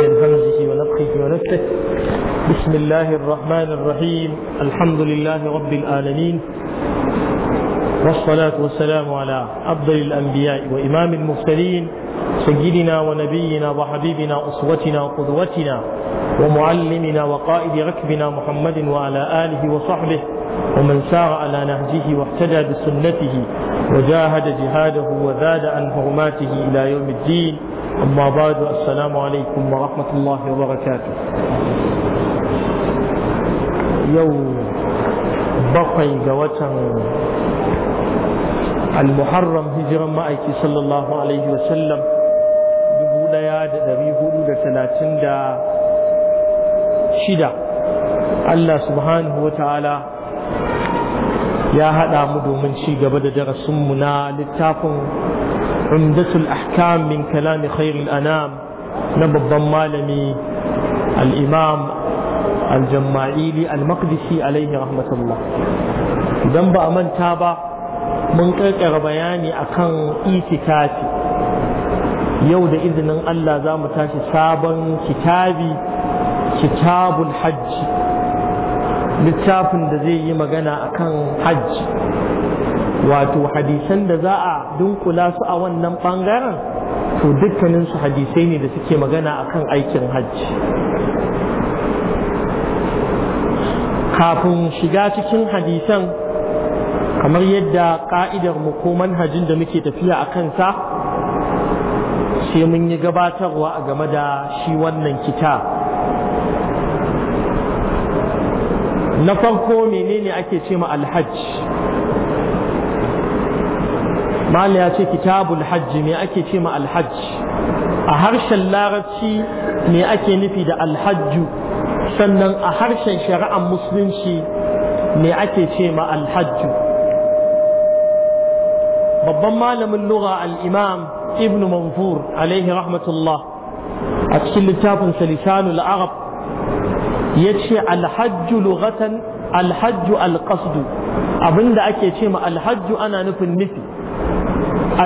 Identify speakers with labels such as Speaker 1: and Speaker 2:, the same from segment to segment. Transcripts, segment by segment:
Speaker 1: من همزه ونفخه ونفته بسم الله الرحمن الرحيم الحمد لله رب العالمين والصلاة والسلام على أفضل الأنبياء وإمام المرسلين سيدنا ونبينا وحبيبنا أسوتنا وقدوتنا ومعلمنا وقائد ركبنا محمد وعلى آله وصحبه ومن سار على نهجه واهتدى بسنته وجاهد جهاده وزاد عن حرماته إلى يوم الدين أما بعد السلام عليكم ورحمة الله وبركاته يوم بقي جوتا المحرم هجرا مأيك صلى الله عليه وسلم يقول يا دريه لثلاثين دا شدة الله سبحانه وتعالى يا هذا مدو من شي قبل درس منا للتافن عمدة الأحكام من كلام خير الأنام نبى الضمالمي الإمام الجماعيلي المقدسي عليه رحمة الله ذنب أمن تابع من كركر بياني أكان إيتكاتي يود إذن الله زام تاشي سابا كتابي كتاب الحج littafin da zai yi magana akan hajji wato hadisan da za a dunkula su a wannan bangaren to dukkaninsu hadisai ne da suke magana akan aikin hajji kafin shiga cikin hadisan kamar yadda ka'idar mu ko manhajin da muke tafiya a kansa sai mun yi gabatarwa a game da shi wannan kitab na farko menene ake ce ma alhajj malaya ce kitabul hajj me ake ce ma alhajj a harshen larabci me ake nufi da alhajj sannan a harshen shari'ar musulunci me ake ce ma alhajju babban malamin lura al'imam ibn manfur alaihi rahmatullah a cikin littafin salisanul arab yace alhajju lughatan alhajju alqasdu abinda ake ce ma alhajju ana nufin nufi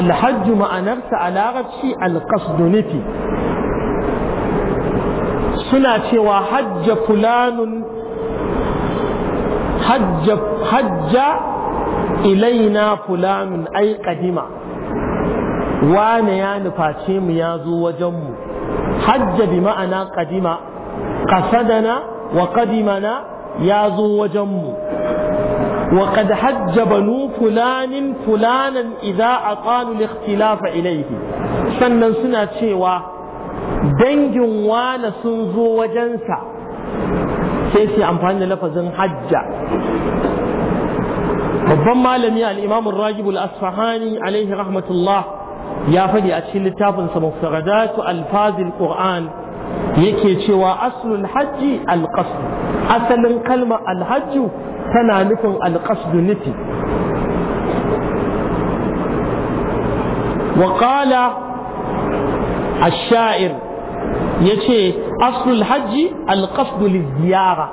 Speaker 1: alhajju ma'anarsa a larabci alqasdu nufi suna cewa hajja fulanun hajja ilaina fulanun ai kadima wane ya nuface mu ya zo wajenmu hajja bi ma'ana kadima kasadana wa mana ya zo wajenmu wa qad hajja banu fulanin fulanan idza aqalu al-ikhtilafa ilayhi sannan suna cewa dangin wana sun zo wajensa sai su amfani da lafazin hajja babban malami al-imam ar asfahani alaihi rahmatullah ya faɗi a cikin littafinsa al alfazil qur'an yake cewa aslul hajji alƙasdu asalin kalma alhajju tana nufin alƙasdu niti wa ƙala sha'ir ya ce aslul hajji alƙasdu liziyara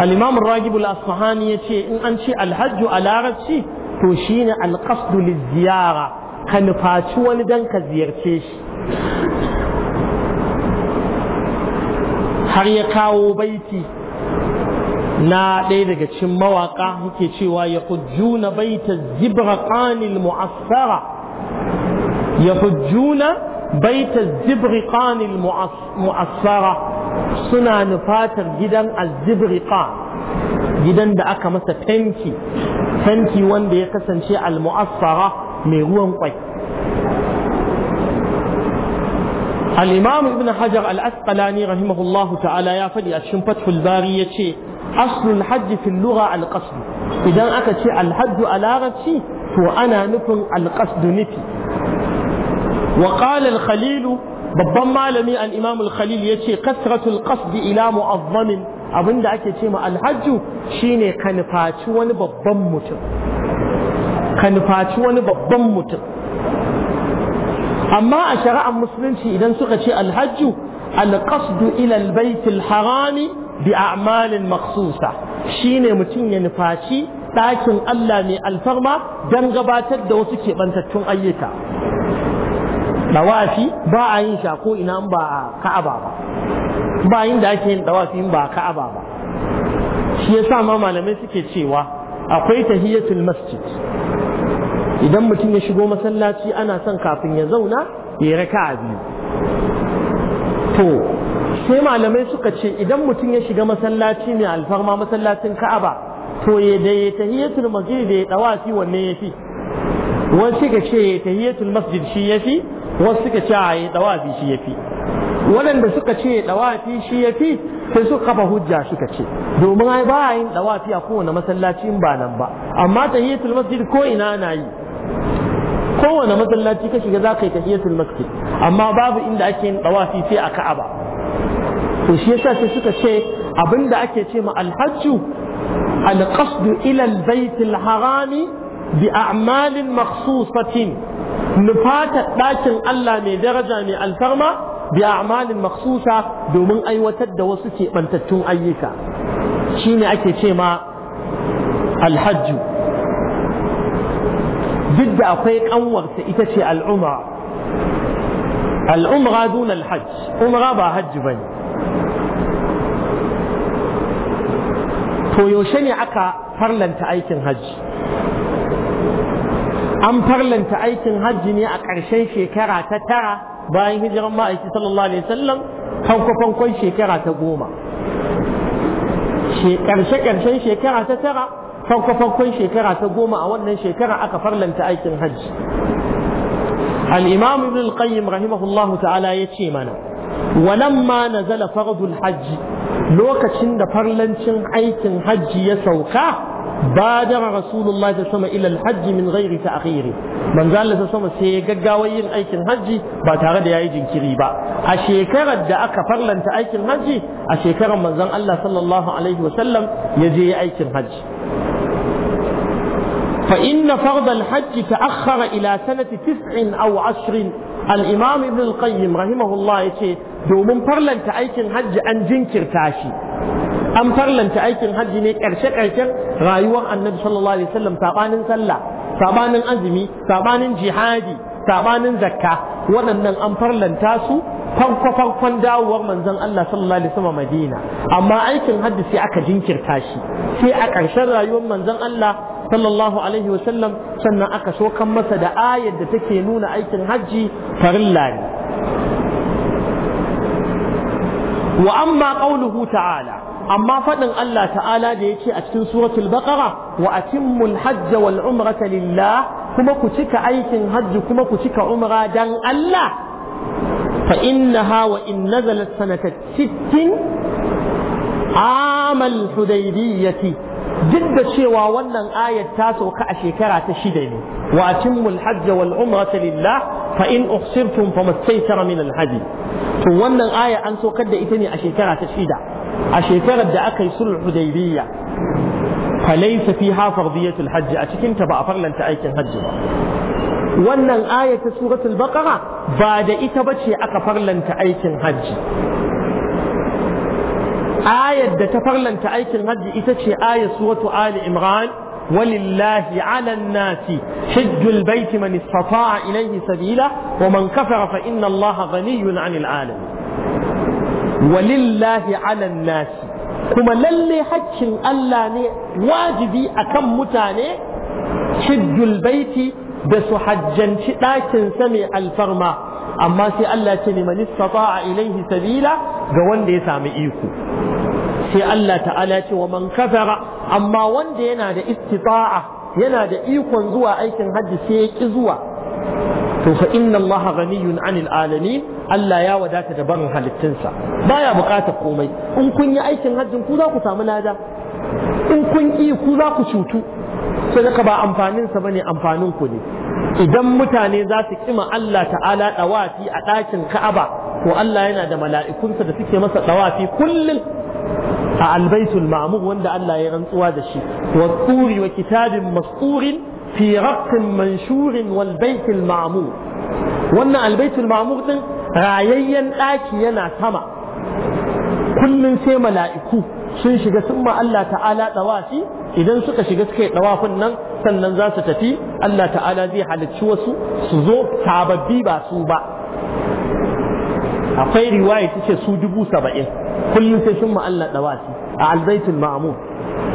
Speaker 1: al-imam asfahani ya ce in an ce alhajju a larabci to shi ne alƙasdu liziyara ka nufaci wani dan ka ziyarce shi har ya kawo baiti na ɗaya daga cikin mawaƙa yake cewa ya hujjuna baita zibraqanil mu'assara ya hujjuna baita zibraqanil mu'assara suna nufatar gidan azzibriqa gidan da aka masa fenti. Fenti wanda ya kasance al-mu'assara mai ruwan kwai al-imam ibn hajar al-asqalani rahimahullahu ta'ala ya faɗi a cikin fathul bari yace aslul hajji fil lugha idan aka ce al-hajju a to ana nufin al-qasd nufi wa Khalilu, al-khalil babban malami al-imam al-khalil yace kasratul qasd ila mu'azzamin abinda ake ce ma al shine ka wani babban mutum ka wani babban mutum amma a shari'ar musulunci idan suka ce alhajju alqasdu ila albayt harami bi a'malin makhsusa shine mutum ya nufaci ɗakin Allah mai alfarma don gabatar da wasu keɓantattun ayyuka dawafi ba a yin sha ina ina ba ka'aba ba ba yin da ake yin dawafi in ba ka'aba ba shi yasa ma malamai suke cewa akwai tahiyatul masjid idan mutum ya shigo masallaci ana son kafin ya zauna ya yi raka biyu to sai malamai suka ce idan mutum ya shiga masallaci mai alfarma masallacin ka'aba to ya da ya tahiyatul masjid da ya dawafi wanne fi. wasu suka ce ya tahiyatul masjid shi ya fi wasu suka ce a ya dawafi shi yafi waɗanda suka ce dawafi shi ya fi sai suka kafa hujja suka ce domin ai ba yin dawafi a kowane masallaci ba nan ba amma tahiyatul masjid ko ina na yi kowane masallaci ka shiga za ka yi tahiyatul masjid amma babu inda ake yin tawafi sai a ka'aba to yasa sai suka ce abinda ake ce ma alhajju alqasdu ila albayt alharami bi a'malin makhsusatin nufata ɗakin Allah mai daraja mai alfarma bi a'malin maksusa domin aiwatar da wasu keɓantattun ayyuka shine ake ce ma alhajju duk da akwai kanwarsa ita ce al'umra al'umra dun al-hajj umra ba hajji bane to yaushe ne aka farlanta aikin hajji an farlanta aikin hajji ne a ƙarshen shekara ta tara bayan hijiran ma'aiki sallallahu alaihi wasallam fanko-fankon shekara ta goma ƙarshe-ƙarshen shekara ta tara farko-farkon shekara ta goma a wannan shekara aka farlanta aikin hajji al'imam ibn al-qayyim rahimahullahu ta'ala ya ce mana na zala fardul hajji lokacin da farlancin aikin hajji ya sauka badara rasulullah ta sama ilal hajji min ta ta'khiri Man Allah ta sama sai gaggawar yin aikin hajji ba tare da yayi jinkiri ba a shekarar da aka farlanta aikin hajji a shekarar manzon Allah sallallahu alaihi wasallam ya je aikin hajji فإن فرض الحج تأخر إلى سنة تسع أو عشر الإمام ابن القيم رحمه الله يشي دومن فرلن تأيكن حج أن جنكر تاشي أم فرلن تأيكن حج نيك أرشك أرشك رايوة النبي صلى الله عليه وسلم تابان سلا تابان أزمي تابان جهادي تابان زكاة ونن أم فرلن تاسو farko farkon dawowar manzon Allah sallallahu alaihi wasallam Madina amma aikin hajji sai aka jinkirta shi sai a ƙarshen rayuwar manzon Allah sallallahu alaihi wasallam sannan aka sokan masa da ayar da take nuna aikin hajji farilla ne wa amma qauluhu ta'ala amma faɗin Allah ta'ala da ya ce a cikin suratul baqara wa atimmul hajja wal umrata lillah kuma ku cika aikin hajji kuma ku cika umra dan Allah fa innaha wa in nazalat sanata 60 amal hudaybiyyati duk da cewa wannan ayat ta sauka a shekara ta shida ne wa atimmul hajj wal umrata lillah fa in uhsirtum famastaysara min al hadi to wannan aya an saukar da ita ne a shekara ta shida a shekarar da aka yi sulh hudaybiyya falaysa fiha fardiyatul hajj a cikin ta ba a farlanta aikin hajji ba wannan aya ta suratul baqara ba da ita bace aka farlanta aikin hajji ayar da ta farlanta aikin hajji ita ce ayar suratu ali imran walillahi ala nasi hajjul baiti man istata'a ilayhi sabila wa man kafara fa inna allaha ghaniyun 'anil 'alamin walillahi ala nasi kuma lalle haccin Allah ne wajibi akan mutane hajjul baiti da su hajjanci ɗakin sa mai alfarma amma sai Allah ce ne man istata'a ilayhi sabila ga wanda ya sami iko sai Allah ta'ala ce wa man kafara amma wanda yana da istita'a yana da ikon zuwa aikin hajji sai ya ki zuwa to fa inna Allah ghaniyun 'anil alamin Allah ya wadata da barin halittunsa baya bukatar komai in kun yi aikin hajji ku za ku samu lada in kun ki ku za ku cutu sadaka ba amfanin sa bane amfanin ku ne idan mutane za su kima Allah ta'ala dawafi a ɗakin Ka'aba to Allah yana da mala'ikunsa da suke masa dawafi kullum a albaitul ma'mur wanda Allah ya rantsuwa da shi wa turi wa kitabin masqurin fi manshurin wal baitul wannan albaitul ma'mur din rayayyen daki yana sama kullun sai mala'iku sun shiga sun ma Allah ta'ala ɗawafi idan suka shiga suka yi dawafin nan sannan za su tafi Allah ta'ala zai halicci wasu su zo sababbi ba su ba akwai riwaya ta ce su dubu saba'in kullum sai sun Allah dawasi a albaitul ma'mur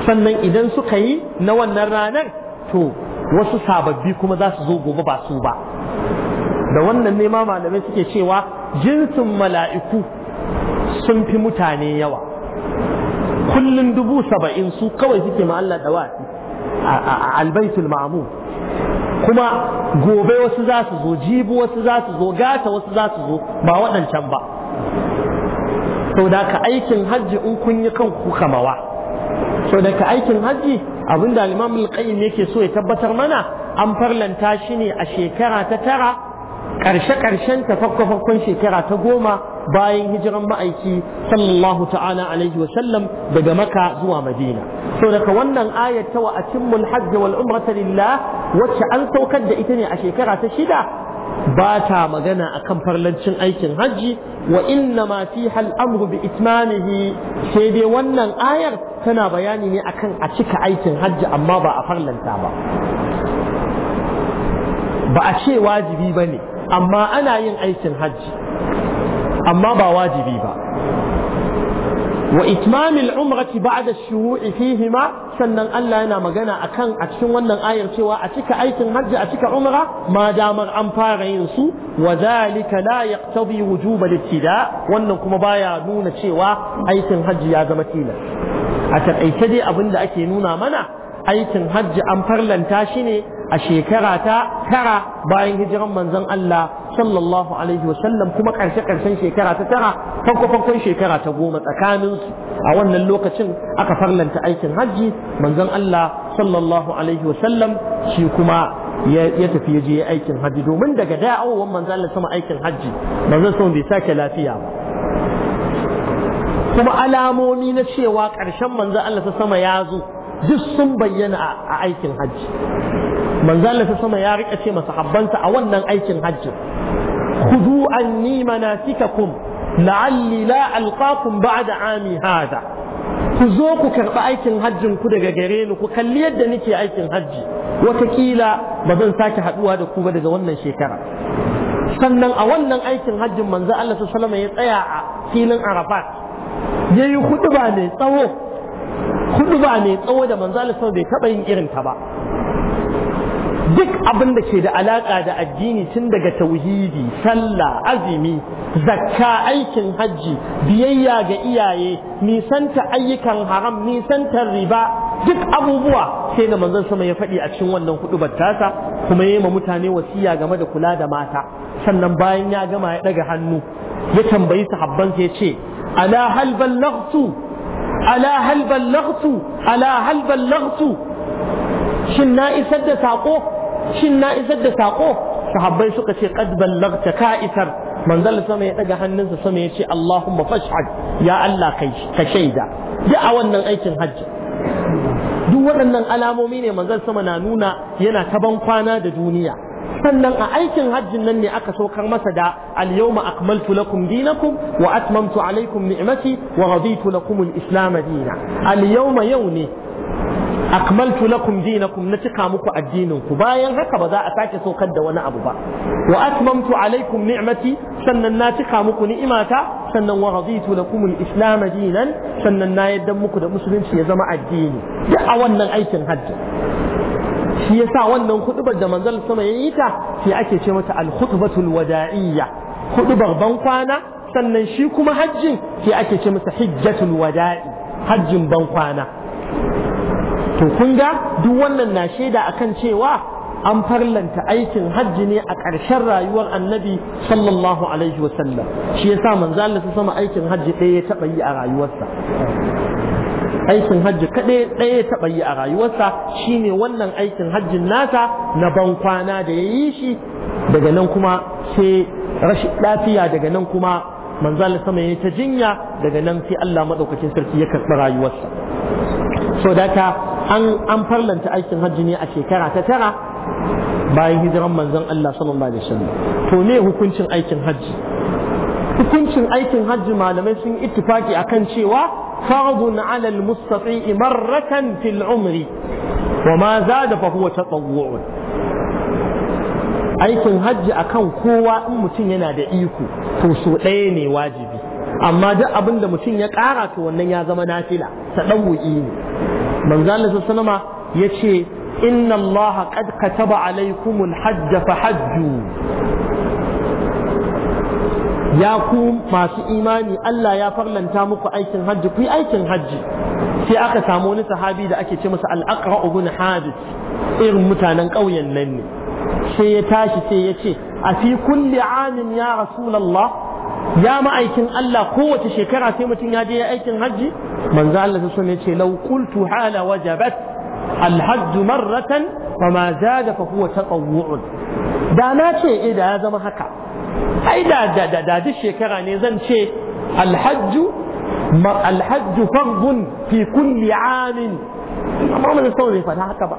Speaker 1: sannan idan suka yi na wannan ranar to wasu sababbi kuma za su zo gobe ba su ba da wannan ne ma malamai suke cewa jinsin mala'iku sun fi mutane yawa kullum dubu saba'in su kawai suke ma Allah a albaitul ma'mur kuma gobe wasu za su zo jibi wasu za su zo gata wasu za su zo ba waɗancan ba sau da ka aikin hajji in kun yi kan ku kamawa sau da ka aikin hajji abin da alimamul qayyim yake so ya tabbatar mana an farlanta shi ne a shekara ta tara ƙarshe karshen ta farko-farkon shekara ta goma bayan hijiran ma'aiki sallallahu ta'ala alaihi wa sallam daga maka zuwa madina To daga wannan ayat ta wa atimmul hajj wal umrata lillah wacce an saukar da ita ne a shekara ta shida ba ta magana akan farlancin aikin hajji wa inna ma fi hal amru bi itmamihi sai dai wannan ayar tana bayani ne akan a cika aikin hajji amma ba a farlanta ba ba a ce wajibi ba ne amma ana yin aikin hajji amma ba wajibi ba wa itmamil umrati da shuru'i fihima sannan Allah yana magana akan a cikin wannan ayar cewa a cika aikin hajji a cika umra ma damar an fara yin su wa zalika la yaqtadi wujuba al wannan kuma baya nuna cewa aikin hajji ya zama tilas a takaice dai da ake nuna mana aikin hajji an farlanta shi ne a shekara ta tara bayan hijiran manzon Allah sallallahu alaihi wasallam kuma ƙarshe ƙarshen shekara ta tara farko farkon shekara ta goma tsakanin a wannan lokacin aka farlanta aikin hajji manzon Allah sallallahu alaihi wasallam shi kuma ya tafi ya je aikin hajji domin daga da'awowar manzon Allah sama aikin hajji manzon sama bai sake lafiya ba kuma alamomi na cewa ƙarshen manzo Allah ta sama ya zo duk sun bayyana a aikin hajji manzo Allah sama ya rika ce masa habbansa a wannan aikin hajji khudu anni kum la'alli la alqakum ba'da ami hada ku zo ku karɓi aikin hajjin ku daga gare ni ku kalli yadda nake aikin hajji watakila ba zan sake haɗuwa da ku ba daga wannan shekara sannan a wannan aikin hajjin manzo Allah Ta alaihi ya tsaya a filin Arafat yayi huɗuba mai tsawo hudu ba mai tsawo da manzo Allah bai taba yin irin ta ba duk abin da ke da alaƙa da addini tun daga tauhidi sallah azumi zakka aikin hajji biyayya ga iyaye nisanta ayyukan haram nisanta riba duk abubuwa sai da manzon sama ya faɗi a cikin wannan hudu tasa kuma yayi ma mutane wasiya game da kula da mata sannan bayan ya gama ya ɗaga hannu ya tambayi sahabban sai ya ce ala hal ballaghtu ala hal ballaghtu ala hal ballaghtu shin na isar da sako shin na isar da sako sahabbai suka ce qad ballaghta ka isar manzal sama ya daga hannunsa sama ya ce Allahumma fashhad ya Allah kai ka shaida duk a wannan aikin hajji duk waɗannan alamomi ne manzal sama na nuna yana ta ban kwana da duniya sannan a aikin hajjin nan ne aka so saukar masa da al-yawma akmaltu lakum dinakum wa atmamtu alaykum ni'mati wa raditu lakum al-islam dina al-yawma yawni akmaltu lakum dinakum na cika muku addinin ku bayan haka ba za a sake saukar da wani abu ba wa atmamtu alaykum ni'mati sannan na cika muku ni'imata sannan wa raditu lakum al-islam dinan sannan na yaddan muku da musulunci ya zama addini duk a wannan aikin hajji shi yasa wannan hudubar da manzon sama ya yi ta sai ake ce mata al wada'iyya hudubar ban kwana sannan shi kuma hajjin sai ake ce masa hijjatul wada'i hajjin ban kwana to kun ga duk wannan na shaida akan cewa an farlanta aikin hajji ne a ƙarshen rayuwar annabi sallallahu alaihi wasallam shi yasa manzo Allah sama aikin hajji ɗaya ya taɓa yi a rayuwarsa aikin hajji kaɗai ɗaya taɓa yi a rayuwarsa shine wannan aikin hajjin nasa na ban kwana da ya yi shi daga nan kuma sai rashin lafiya daga nan kuma manzal sama ya ta jinya daga nan sai Allah maɗaukacin sarki ya karɓi rayuwarsa so daka an an farlanta aikin hajji ne a shekara ta tara bayan hijiran manzon Allah sallallahu alaihi wasallam to ne hukuncin aikin hajji hukuncin aikin hajji malamai sun ittifaki akan cewa فرض على المستطيع مرة في العمر وما زاد فهو تطوع aikin hajji akan kowa in mutum yana da iko to so ɗaya ne wajibi amma duk abin da mutum ya ƙara to wannan ya zama nafila tadawwu'i ne manzo Allah sallama yace inna Allaha qad kataba alaykumul hajj fa hajju ya ku masu imani Allah ya farlanta muku aikin hajji ku yi aikin hajji sai aka samu wani sahabi da ake ce masa al'aqra ugun hadith irin mutanen ƙauyen nan ne sai ya tashi sai ya ce a fi kulli amin ya Rasulallah ya ma'aikin Allah kowace shekara sai mutum ya je aikin hajji manzo Allah sai sun ce law qultu hala wajabat alhajj marratan wa ma zada fa da na ce eh da ya zama haka ai da da da shekara ne zan ce alhajju alhajju fardun fi kulli amin amma mun sau bai faɗa haka ba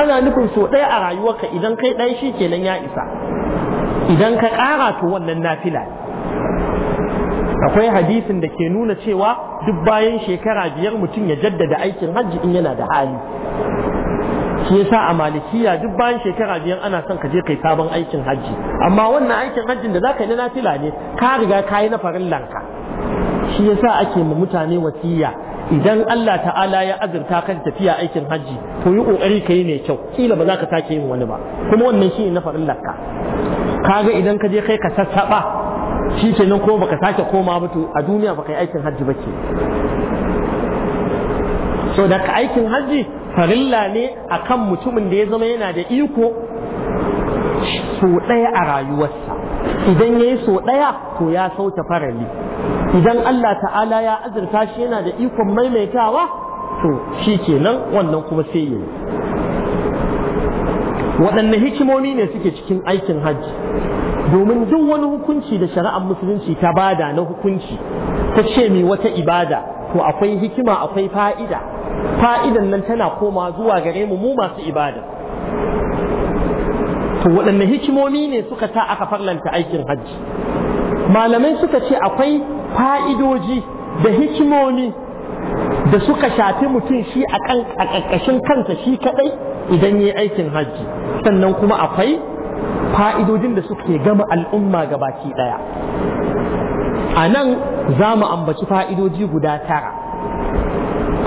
Speaker 1: ana nufin so ɗaya a rayuwarka idan kai ɗaya shi kenan ya isa idan ka ƙara to wannan nafila akwai hadisin da ke nuna cewa duk bayan shekara biyar mutum ya jaddada aikin hajji in yana da hali shi yasa a malikiya duk bayan shekara biyan ana son ka je kai sabon aikin hajji amma wannan aikin hajjin da zaka yi na nafila ne ka riga ka yi na farillanka shi yasa ake ma mutane wasiya idan Allah ta'ala ya azurta ka tafiya aikin hajji to yi kokari kai ne kyau kila ba za ka sake yin wani ba kuma wannan shi na farillanka kaga idan ka je kai ka sassaba shi kenan ko baka sake koma ba to a duniya baka yi aikin hajji ba ke so da aikin hajji farilla ne kan mutumin da ya zama yana da iko so ɗaya a rayuwarsa idan ya yi so ɗaya to ya sauta farali idan Allah ta'ala ya azurta shi yana da ikon maimaitawa to shi kenan wannan kuma sai ya yi waɗanne hikimomi ne suke cikin aikin hajji domin duk wani hukunci da shari'ar musulunci ta bada na hukunci ta ce mai wata ibada to akwai hikima akwai fa'ida fa'idan nan tana koma zuwa gare mu mu masu ibada to waɗanne hikimomi ne suka ta aka farlanta aikin hajji malamai suka ce akwai fa'idoji da hikimomi da suka shafi mutum shi a ƙarƙashin kansa shi kaɗai idan ya yi aikin hajji sannan kuma akwai fa'idojin da suke gama al'umma gabaki ɗaya a nan za mu ambaci fa'idoji guda tara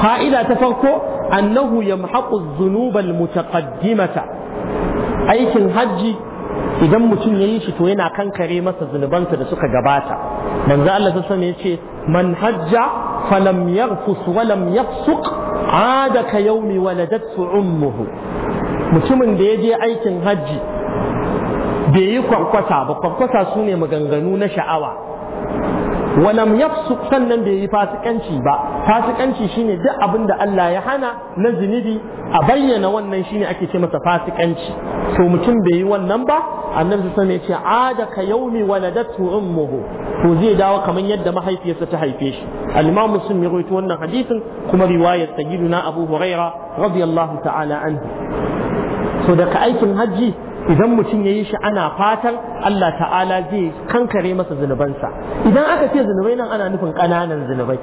Speaker 1: fa'ida ta farko annahu yamhaqu dhunubal mutaqaddimata aikin hajji idan mutum ya yi shi to yana kankare masa zunubansa da suka gabata manzo Allah ta sani yace man hajja falam yaghfus walam yafsuq ada yawmi waladatu ummuhu mutumin da ya je aikin hajji bai yi kwankwasa ba kwankwasa su ne maganganu na sha'awa walam yafsuq sannan bai yi fasikanci ba fasikanci shine duk abin da Allah ya hana na zinibi a bayyana wannan shine ake ce masa fasikanci to mutum bai yi wannan ba annabi sallallahu alaihi wasallam ya ce a da ka yaumi waladatu ummuhu to zai dawo kamar yadda mahaifiyarsa ta haife shi al-imam muslim ya rawaito wannan hadisin kuma riwayar sayyiduna abu huraira radiyallahu ta'ala anhu so daga aikin hajji idan mutum ya yi shi ana fatan Allah ta'ala zai kankare masa zunubansa idan aka ce zunubai nan ana nufin ƙananan zunubai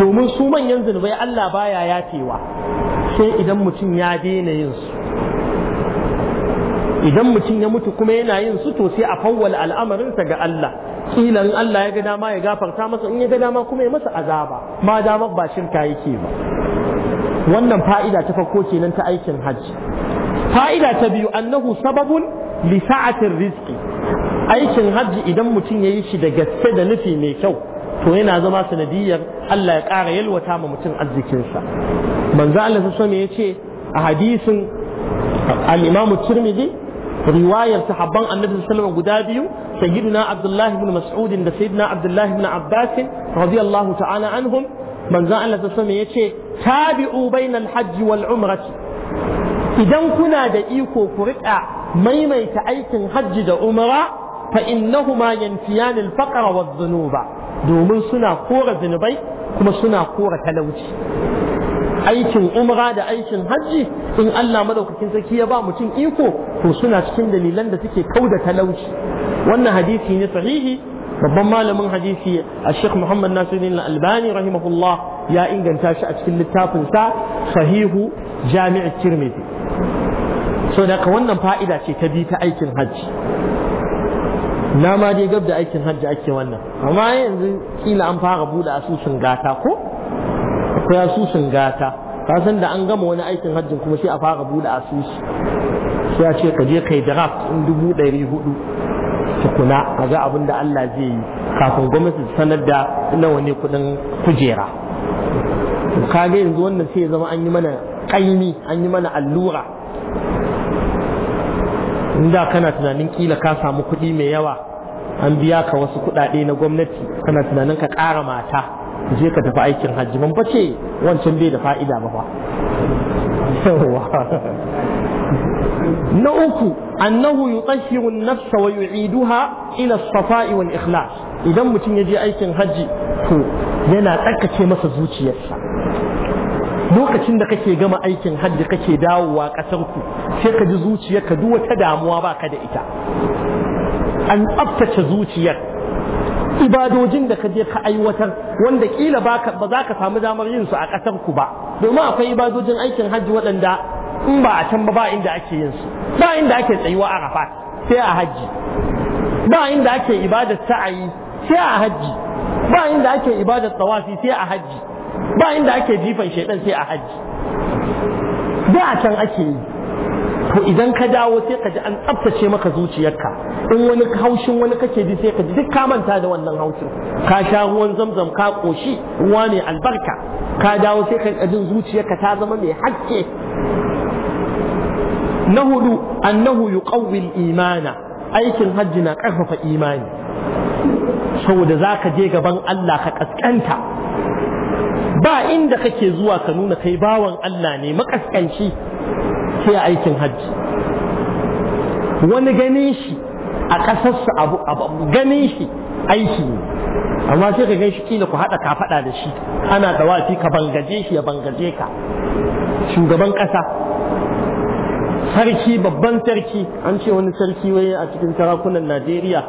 Speaker 1: domin su manyan zunubai Allah baya ya yafewa sai idan mutum ya daina yin su idan mutum ya mutu kuma yana yin su to sai a fawwala al'amarinsa ga Allah kila Allah ya ga dama ya gafarta masa in ya ga dama kuma ya masa azaba ma dama ba shirka yake ba wannan fa'ida ta farko kenan ta aikin hajji fa'ida ta biyu annahu sababun lisa'atin sa'atin rizqi aikin hajji idan mutum ya yi shi da gaske da nufi mai kyau to yana zama sanadiyar Allah ya ƙara yalwata ma mutum arzikinsa manzo Allah sallallahu ya ce a hadisin al-Imam Tirmidhi riwayar sahabban Annabi sallallahu guda biyu sayyidina abdullahi ibn Mas'ud da sayyidina abdullahi ibn Abbas radiyallahu ta'ala anhum manzo Allah sallallahu ya ce tabi'u bainal hajji wal umrah. idan kuna da iko ku riƙa maimaita aikin hajji da umara fa innahuma yanfiyan al-faqra wa dhunuba domin suna kora zunubai kuma suna kora talauci aikin umra da aikin hajji in Allah madaukakin sarki ya ba mutum iko to suna cikin dalilan da suke kauda talauci wannan hadisi ne sahihi babban malamin hadisi a Sheikh Muhammad Nasiruddin Al-Albani rahimahullah ya inganta shi a cikin littafin sa sahihu Jami'at Tirmidhi so da wannan fa'ida ce ta bi ta aikin hajji na ma dai gab da aikin hajji ake wannan amma yanzu kila an fara buɗe asusun gata ko akwai asusun gata ka san da an gama wani aikin hajji kuma sai a fara buɗe asusu sai a ce ka je kai draft in dubu ɗari hudu tukuna a ga abin da Allah zai yi kafin gwamnati sanar da nawa ne kuɗin kujera ka ga yanzu wannan sai ya zama an yi mana ƙaimi an yi mana allura in da kana tunanin kila ka samu kuɗi mai yawa an biya ka wasu kuɗaɗe na gwamnati kana tunanin ka ƙara mata je ka tafi aikin hajji man bace wancan bai da fa'ida ba fa na uku annahu yutahhiru an-nafsa wa yu'iduha ila as-safa'i wal ikhlas idan mutum ya je aikin hajji to yana tsarkace masa zuciyarsa lokacin da kake gama aikin hajji kake dawowa ƙasar kaji sai ka ji zuciyarka duk wata damuwa baka da ita an tsaftace zuciyar ibadojin da ka je ka aiwatar wanda kila ba za ka samu damar yin su a ƙasarku ba domin akwai ibadojin aikin hajji waɗanda in ba a can ba ba inda ake yin su ba inda ake tsayuwa a rafa sai a hajji ba inda ake ibadar sa'ayi sai a hajji ba inda ake ibadar tsawafi sai a hajji ba inda ake jifan shaidan sai a hajji da a can ake yi to idan ka dawo sai ka ji an tsaftace maka zuciyarka in wani haushin wani kake ji sai ka ji duk ka manta da wannan haushin ka sha ruwan zamzam ka koshi ruwa mai albarka ka dawo sai ka jin zuciyarka ta zama mai hakke na hudu annahu yuqawwil imana aikin hajji na karfafa imani saboda zaka je gaban Allah ka kaskanta ba inda kake zuwa ka nuna kai bawan Allah ne makaskanci sai aikin hajji wani ganin shi a su abu ganin shi aiki ne amma sai ka gan shi kila ku haɗa kafaɗa da shi ana da wafi ka bangaje shi ya bangaje ka shugaban ƙasa sarki babban sarki an ce wani sarki wai a cikin sarakunan najeriya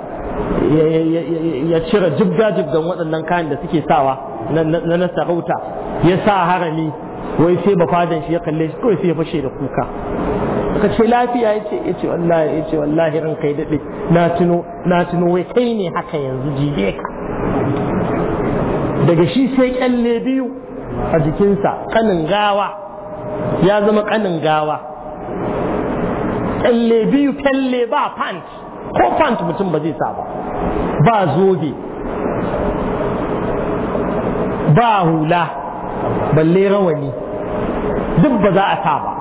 Speaker 1: ya cire jibga jibgan waɗannan kayan da suke sawa na na sarauta ya sa harami wai sai ba fadan shi ya kalle shi kawai sai ya fashe da kuka ka ce lafiya ya ce ya ce wallahi ya ce wallahi ran kai daɗe na tuno wai kai ne haka yanzu jibe ka daga shi sai kyalle biyu a jikinsa kanin gawa ya zama kanin gawa kyalle biyu kyalle ba pant ko pant mutum ba zai sa ba ba zobe ba hula balle rawani duk ba za a sa ba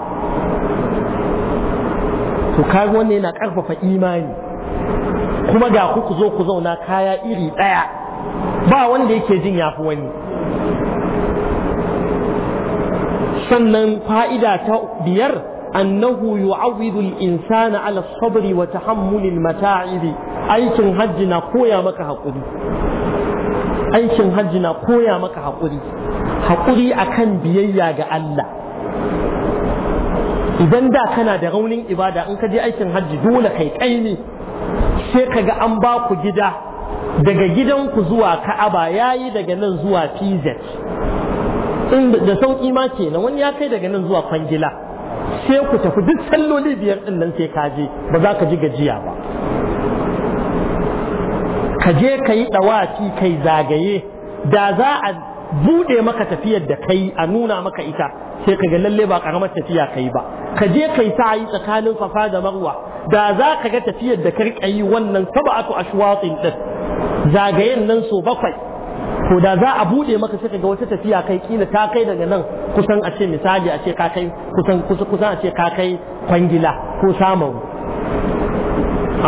Speaker 1: to kaga wannan yana karfafa imani kuma ga ku ku zo ku zauna kaya iri ɗaya ba wanda yake jin yafi wani sannan fa'ida ta biyar annahu yu'awwidu الإنسان insana الصبر وتحمل المتاعب tahammul al قويا aikin hajji na koya maka hakuri حقودي حقودي أكن biyayya ga Allah idan da kana da raunin ibada in ka je aikin hajji dole kai kaini sai ga an ba ku gida daga gidan ku zuwa Ka'aba yayi daga nan zuwa PZ in da sauki ma kenan wani ya kai daga nan zuwa kwangila sai ku tafi duk salloli biyar din nan sai ka je ba za ka ji gajiya ba ka je ka yi ɗawaci kai zagaye da za a buɗe maka tafiyar da kai a nuna maka ita sai ka ga lalle ba karamar tafiya kai ba ka je kai sa yi tsakanin safa da marwa da za ka ga tafiyar da ka yi wannan sab'atu ashwatin din zagayen nan so bakwai ko da za a bude maka sai ga wata tafiya kai kila ta kai daga nan kusan a ce misali a ce ka kai kusan kusan a ce ka kai kwangila ko samaru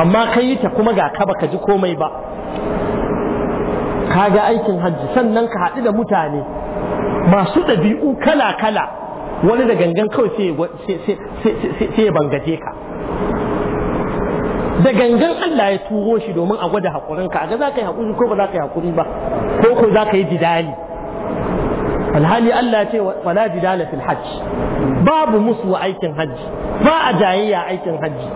Speaker 1: amma kai ta kuma ga ka baka ji komai ba ka ga aikin hajji sannan ka haɗu da mutane masu ɗabi'u kala-kala wani da gangan kawai sai ya bangaje ka da gangan Allah ya turo shi domin a gwada haƙurinka a ga za ka yi haƙuri ko ba za ka yi haƙuri ba ko ko za ka yi didali, alhali Allah ce wala didala fil hajj babu musu aikin hajji, ba a jayayya aikin hajji.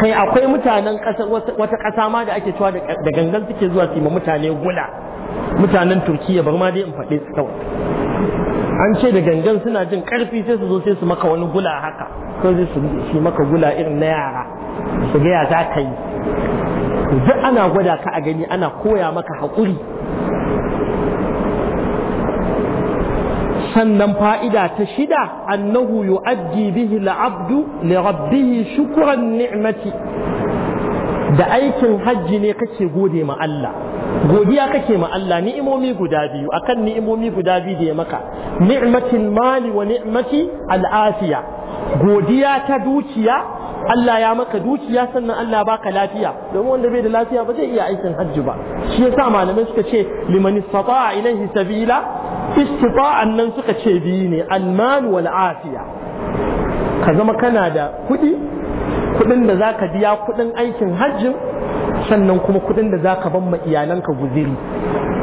Speaker 1: kai akwai mutanen wata ƙasa ma da ake cewa da gangan suke zuwa su mutane gula mutanen Turkiyya bar ma dai in faɗe su kawai an ce da gangan suna jin karfi sai su zo sai su maka wani gula haka ko zai su maka gula irin na yara su gaya za ka yi duk ana gwada ka a gani ana koya maka haƙuri sannan fa'ida ta shida annahu yu'addi bihi al'abdu li rabbih shukran ni'mati da aikin hajji ne kake gode ma Allah godiya kake ma Allah ni'imomi guda biyu akan ni'imomi guda biyu da ya maka ni'matin mali wa ni'mati al'afiya godiya ta dukiya Allah ya maka dukiya sannan Allah baka lafiya domin wanda bai da lafiya ba zai iya aikin hajji ba shi yasa malamai suka ce liman istata'a ilaihi sabila istita'an nan suka ce biyu ne al wal afiya ka zama kana da kuɗi kuɗin da zaka biya kuɗin aikin hajjin sannan kuma kuɗin da za ka ban ma iyalanka guziri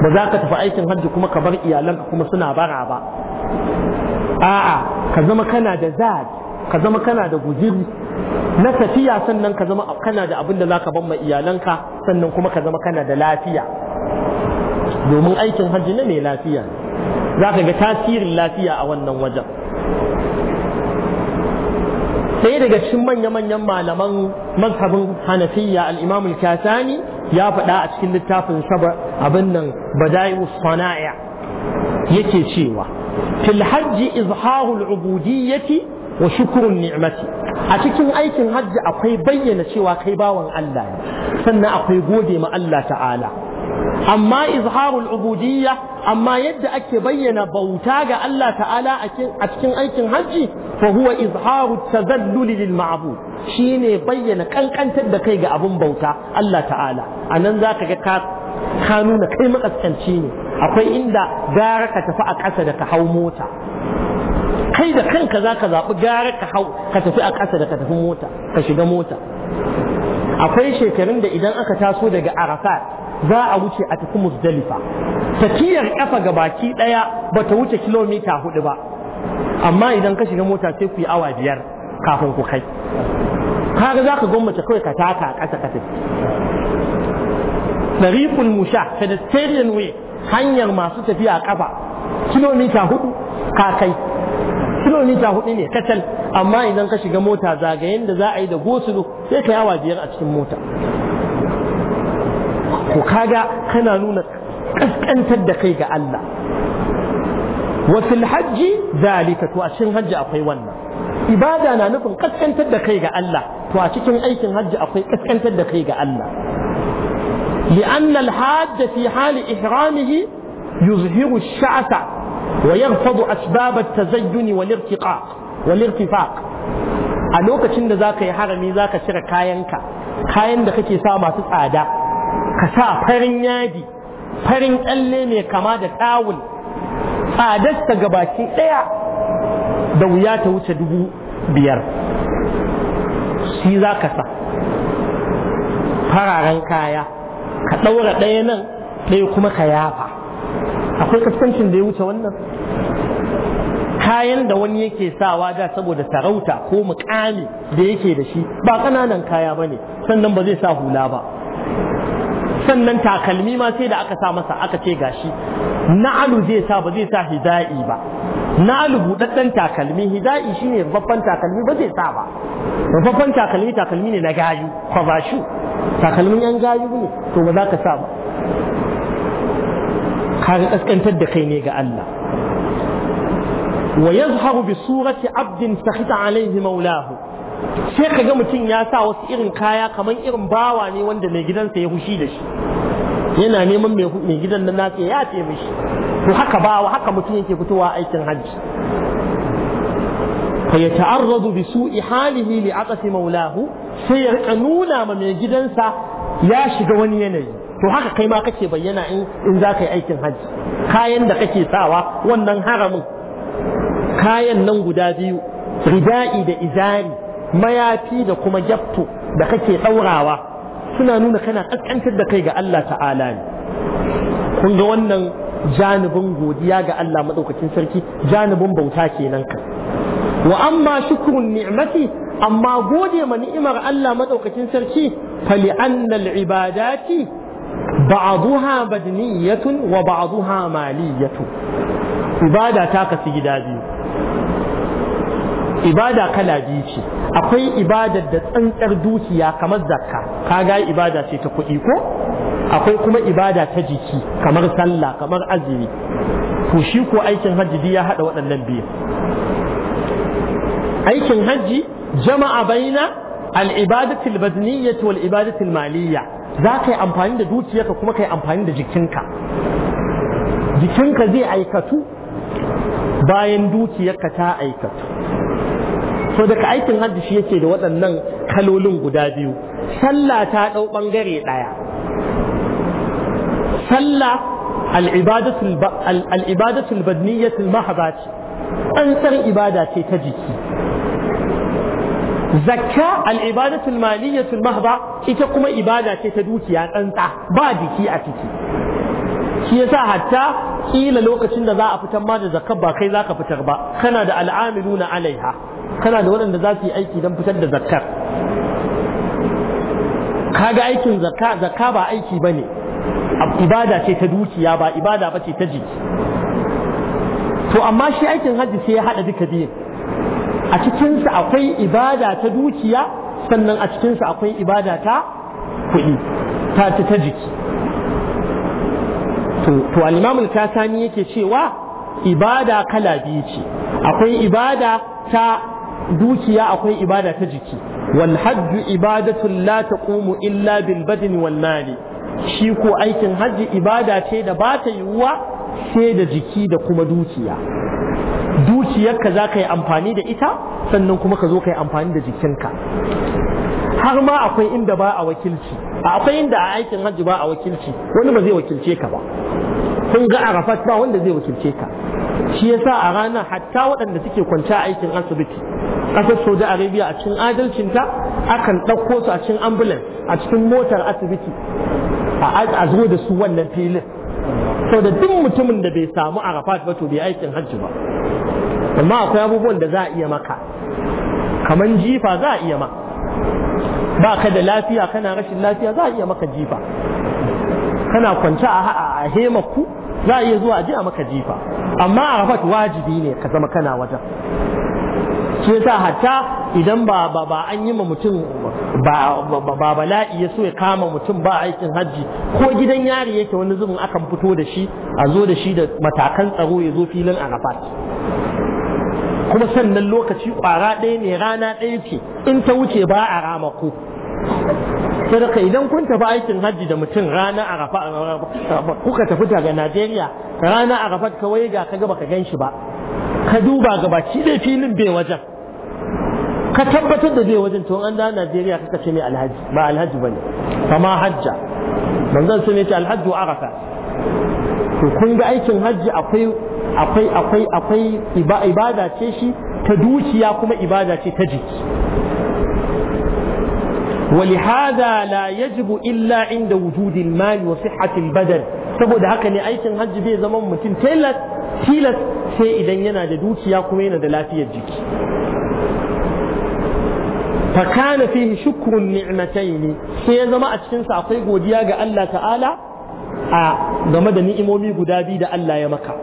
Speaker 1: ba za ka tafi aikin hajji kuma ka bar iyalanka kuma suna bara ba a'a ka zama kana da zad ka zama kana da guziri na tafiya sannan ka zama kana da abin da za ka ban ma iyalanka sannan kuma ka zama kana da lafiya domin aikin hajji na mai lafiya za ka ga tasirin lafiya a wannan wajen ɗaya daga cikin manya-manyan malaman mazhabin hanafiya al'imamul kasani ya faɗa a cikin littafin saba abin nan bada'i sana'a yake cewa fil hajji izharul ubudiyyati wa shukurun ni'mati a cikin aikin hajji akwai bayyana cewa kai bawan Allah
Speaker 2: ne sannan
Speaker 1: akwai gode ma Allah ta'ala amma izharul ubudiyya amma yadda ake bayyana bauta ga Allah ta'ala a cikin aikin hajji فهو إظهار التذلل للمعبود شيني بين كان كان تدكي أبن بوتا الله تعالى أنا ذاك كانون كلمة أسكنشيني أقول إن دا غارك تفعك أسدك حو موتا kai da kanka za ka zaɓi gara ka hau ka tafi a ƙasa da ka tafi mota ka shiga mota akwai shekarun da idan aka taso daga arafat za a wuce a tafi musdalifa tafiyar ƙafa ga baki ɗaya ba ta wuce kilomita hudu ba amma idan ka shiga mota sai ku yi awa biyar kafin ku kai kaga za ka gwamnati kawai ka taka a ƙasa ƙasa ɗariƙul musha pedestrian way hanyar masu tafiya a ƙafa kilomita hudu ka kai kilomita hudu ne kacal amma idan ka shiga mota zagayen da za a yi da gosulu sai ka awa biyar a cikin mota ko kaga kana nuna ƙasƙantar da kai ga Allah وفي الحج ذلك تواشين حج أخي ونا إبادة أنا نفهم قد كنت الدقيقة الله تواشين أي حج أخي قد كنت الدقيقة الله لأن الحاج في حال إحرامه يظهر الشعث ويرفض أسباب التزين والارتقاء والارتفاق a lokacin da za yi harami za ka cire kayanka kayan da kake sa masu tsada ka sa farin yadi farin kyalle mai kama da tawul ga gabaki ɗaya da wuya ta wuce dubu biyar shi za ka sa fararen kaya ka ɗaura ɗaya nan ɗaya kuma ka yafa akwai kaskancin da ya wuce wannan kayan da wani yake sawa da saboda sarauta ko mukami da yake da shi ba ƙananan kaya ba ne sannan ba zai sa hula ba sannan takalmi ma sai da aka sa masa aka ce gashi na'alu zai sa ba zai sa hida'i ba na'alu budaddan takalmi hida'i shine babban takalmi ba zai sa ba babban takalmi takalmi ne na gayu kwabashu takalmin yan gayu ne to ba za ka sa ba Kare kaskantar da kai ne ga Allah wa yazhabu bi surati abdin sahita alaihi maulahu sai kaga mutum ya sa wasu irin kaya kamar irin bawa ne wanda mai gidansa ya hushi da shi yana neman mai gidan na nace ya ce mishi to haka wa haka mutum yake fitowa aikin hajji fa ya ta'arradu bi su'i halihi li aqsi maulahu sai ya rika nuna ma mai gidansa ya shiga wani yanayi to haka kai ma kake bayyana in in za yi aikin hajji kayan da kake sawa wannan haramin kayan nan guda biyu rida'i da izari mayafi da kuma Jafto da kake ɗaurawa suna nuna kana kaskantar da kai ga Allah ta'ala ne kun ga wannan janibin godiya ga Allah Maɗaukakin sarki janibin bauta kenan ka wa amma shukrun ni'mati amma gode ma ni'imar Allah Maɗaukakin sarki fali annal ibadati ba'dhuha badniyatun wa ba'dhuha maliyatun ibada ta kasu gida biyu ibada kala biyu ce akwai ibadar da tsantsar dukiya kamar zakka ka kaga ibada ce ta kuɗi ko akwai kuma ibada ta jiki kamar sallah kamar azumi to shi ko aikin hajji ya haɗa waɗannan biyu aikin hajji jama'a baina al-ibadatul badniyyah wal ibadatul maliyyah za ka amfani da dukiyarka kuma kai yi amfani da jikinka jikinka zai aikatu bayan dukiyarka ta aikatu so daga aikin hajji shi yake da waɗannan kalolin guda biyu sallah ta ɗau ɓangare ɗaya sallah al'ibadatul badniyatul mahaba ce tsantsar ibada ce ta jiki zakka al'ibadatul maliyatul mahaba ita kuma ibada ce ta dukiya tsantsa ba jiki a ciki shi yasa hatta kila lokacin da za a fitar ma da zakka ba kai za ka fitar ba kana da al'amiluna alaiha kana da waɗanda za su yi aiki don fitar da zakar. Ka ga aikin zakka zakka ba aiki ba ne ibada ce ta dukiya ba ibada ba ce ta jiki to amma shi aikin hajji sai ya haɗa duka biyun a cikinsa akwai ibada ta dukiya sannan a cikinsa akwai ibada ta kuɗi ta ta jiki to al'imamul kasani yake cewa ibada kala biyu ce akwai ibada ta dukiya akwai ibada ta jiki wal hajju ibadatun la taqumu illa bil badni wal mali shi ko aikin hajji ibada ce da ba ta yiwuwa sai da jiki da kuma dukiya dukiyarka za ka yi amfani da ita sannan kuma ka zo ka yi amfani da jikinka har ma akwai inda ba a wakilci akwai inda a aikin hajji ba a wakilci wani ba zai wakilce ka ba kun ga arafat ba wanda zai wakilce ka shi yasa a ranar hatta waɗanda suke kwanci a aikin asibiti ƙasar saudi arabia a cikin adalcinta akan ɗauko su a cikin ambulan a cikin motar asibiti a zo da su wannan filin saboda duk mutumin da bai samu arafat ba to bai aikin hajji ba amma akwai abubuwan da za a iya maka kamar jifa za a iya ma ba ka da lafiya kana rashin lafiya za a iya maka jifa kana kwance a hema ku za a iya zuwa a jiya maka jifa amma arafat wajibi ne ka zama kana wajen shi yasa hatta idan ba ba ba an yi ma mutum ba ba bala'i ya so ya kama mutum ba aikin hajji ko gidan yari yake wani zubin akan fito da shi a zo da shi da matakan tsaro ya zo filin arafat kuma sannan lokaci kwara ɗaya ne rana ɗaya ce in ta wuce ba a ramako sadaka idan kun tafi aikin hajji da mutum rana arafa kuka tafi daga Najeriya rana arafa kawai ga kaga baka gan shi ba ka duba gaba baki dai filin bai wajen ka tabbatar da bai wajen to an da Najeriya kaka ce mai alhaji ba alhaji bane kama hajja manzon sun ce alhajju arafa to kun ga aikin hajji akwai akwai akwai akwai ibada ce shi ta dukiya kuma ibada ce ta jiki ولهذا لا يجب إلا عند وجود المال وصحة البدن saboda haka ne aikin hajji zai zama mutum tilas sai idan yana da dukiya kuma yana da lafiyar jiki fakana fihi shukrun ni'matayn sai ya zama a cikin sa akwai godiya ga Allah ta'ala a game da ni'imomi guda biyu da Allah ya maka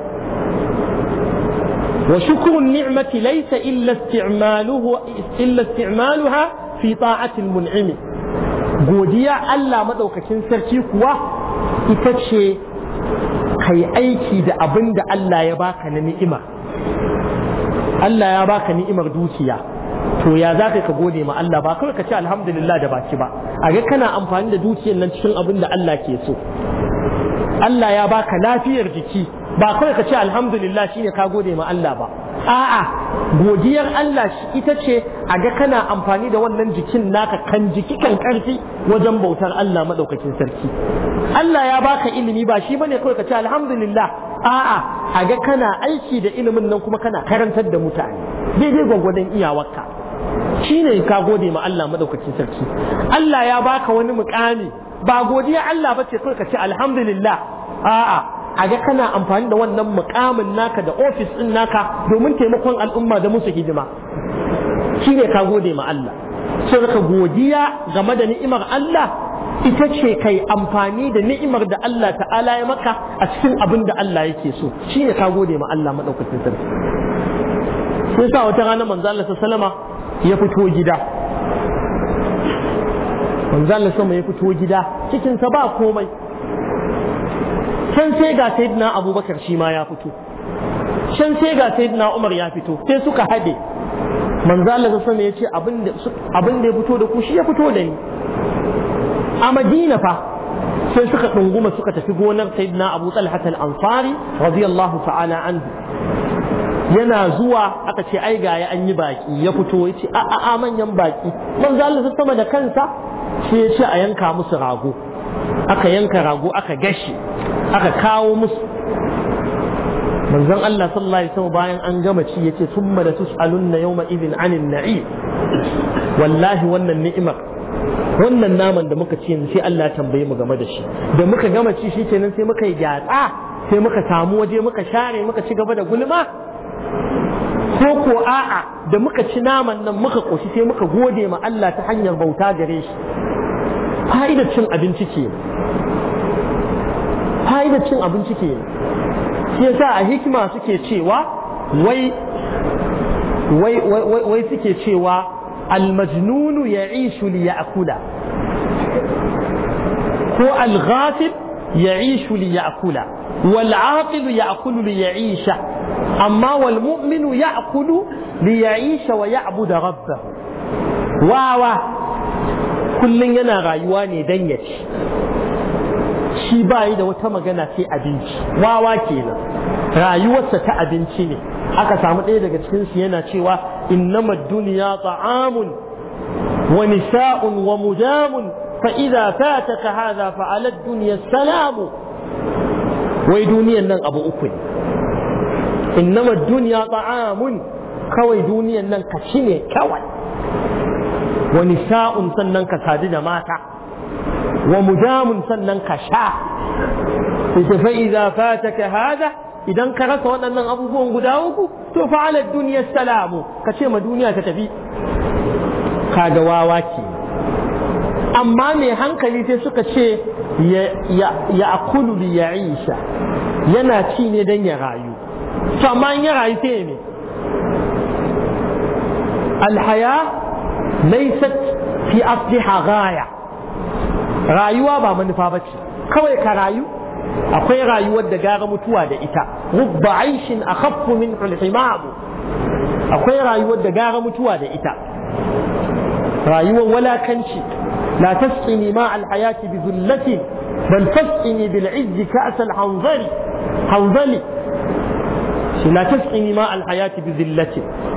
Speaker 1: wa shukrun ni'mati laysa illa isti'maluhu isti'maluha fi ta'atil mun'imi godiya Allah madaukakin sarki kuwa ita ce kai aiki da abin da Allah ya baka na ni'ima Allah ya baka ni'imar dukiya to ya za ka gode ma Allah ba kawai ka ce alhamdulillah da baki ba a ga kana amfani da dukiyar nan cikin abin da Allah ke so Allah ya baka lafiyar jiki ba kawai ka ce alhamdulillah shine ka gode ma Allah ba a'a godiyar Allah shi ita ce a ga kana amfani da wannan jikin naka kan jiki kan karfi wajen bautar Allah madaukakin sarki Allah ya baka ilimi ba shi bane kawai ka ce alhamdulillah a'a a ga kana aiki da ilimin nan kuma kana karantar da mutane daidai gwagwadon iyawarka shine ka gode ma Allah madaukakin sarki Allah ya baka wani mukami ba godiyar Allah ba ce kawai ka ce alhamdulillah a'a a ga kana amfani da wannan mukamin naka da ofis din naka domin taimakon al'umma da musu hidima ne ka gode ma Allah sai ka godiya game da ni'imar Allah ita ce kai amfani da ni'imar da Allah ta'ala ya maka a cikin abin da Allah yake so Shi ne ka gode ma Allah madaukakin sarki sai sa wata rana manzo Allah sallama ya fito gida manzo Allah sallama ya fito gida cikin sa ba komai can sai ga sayyidina abubakar shi ma ya fito can sai ga sayyidina umar ya fito sai suka haɗe manzo Allah sama ya ce abin da ya fito da ku shi ya fito da ni a madina fa sai suka ɗunguma suka tafi gonar sayyidina abu talha al-ansari radiyallahu ta'ala anhu yana zuwa aka ce ai ya an yi baki ya fito ya ce a'a manyan baki manzo Allah sama da kansa sai ya ce a yanka musu rago aka yanka rago aka gashi aka kawo musu manzon Allah sallallahu alaihi wasallam bayan an gama ci yace thumma la tusalunna yawma idhin anin na'im wallahi wannan ni'ima wannan naman da muka ci yanzu sai Allah tambaye mu game da shi da muka gama ci shi kenan sai muka yi gyatsa sai muka samu waje muka share muka ci gaba da gulma ko ko a'a da muka ci naman nan muka koshi sai muka gode ma Allah ta hanyar bauta gare shi fa'idar cin abinci ke fa'idar cin abinci ke shi yasa a hikima suke cewa wai wai wai wai suke cewa almajnunu ya'ishu li ya'kula ko alghafil ya'ishu li ya'kula wal aqilu ya'kulu li ya'isha amma wal mu'minu ya'kulu li ya'isha wa ya'budu rabbahu wawa kullum yana rayuwa ne dan ya ci shi ba yi da wata magana sai abinci wawa kenan rayuwarsa ta abinci ne aka samu ɗaya daga cikinsu yana cewa innama duniya ta'amun wa nisa'un wa mujamun fa idza fataka hadha fa ala dunya salamu wai duniyan nan abu uku ne innama duniya ta'amun kawai duniyan nan kashi ne kawai Wani nisa'un sannan ka sadu da mata wa mujamun sannan ka sha sai fa idza fataka hada idan ka rasa waɗannan abubuwan guda uku to fa ala salamu ka ce ma duniya ta tafi kaga wawa ke amma mai hankali sai suka ce ya akulu li ya isha yana ci ne don ya rayu to amma in ya rayu sai ne alhaya ليست في أصلها غاية رايوة با منفا بچ كوي كرايو أخوي رايو دا جاغ إتا رب عيش أخف من الحمام أخوي رايو دا جاغ إتا رايوة ولا كنشي لا تسقني ماء الحياة بذلة بل تسقني بالعز كأس الحنظري حنظلي, لا تسقني ماء الحياة بذلة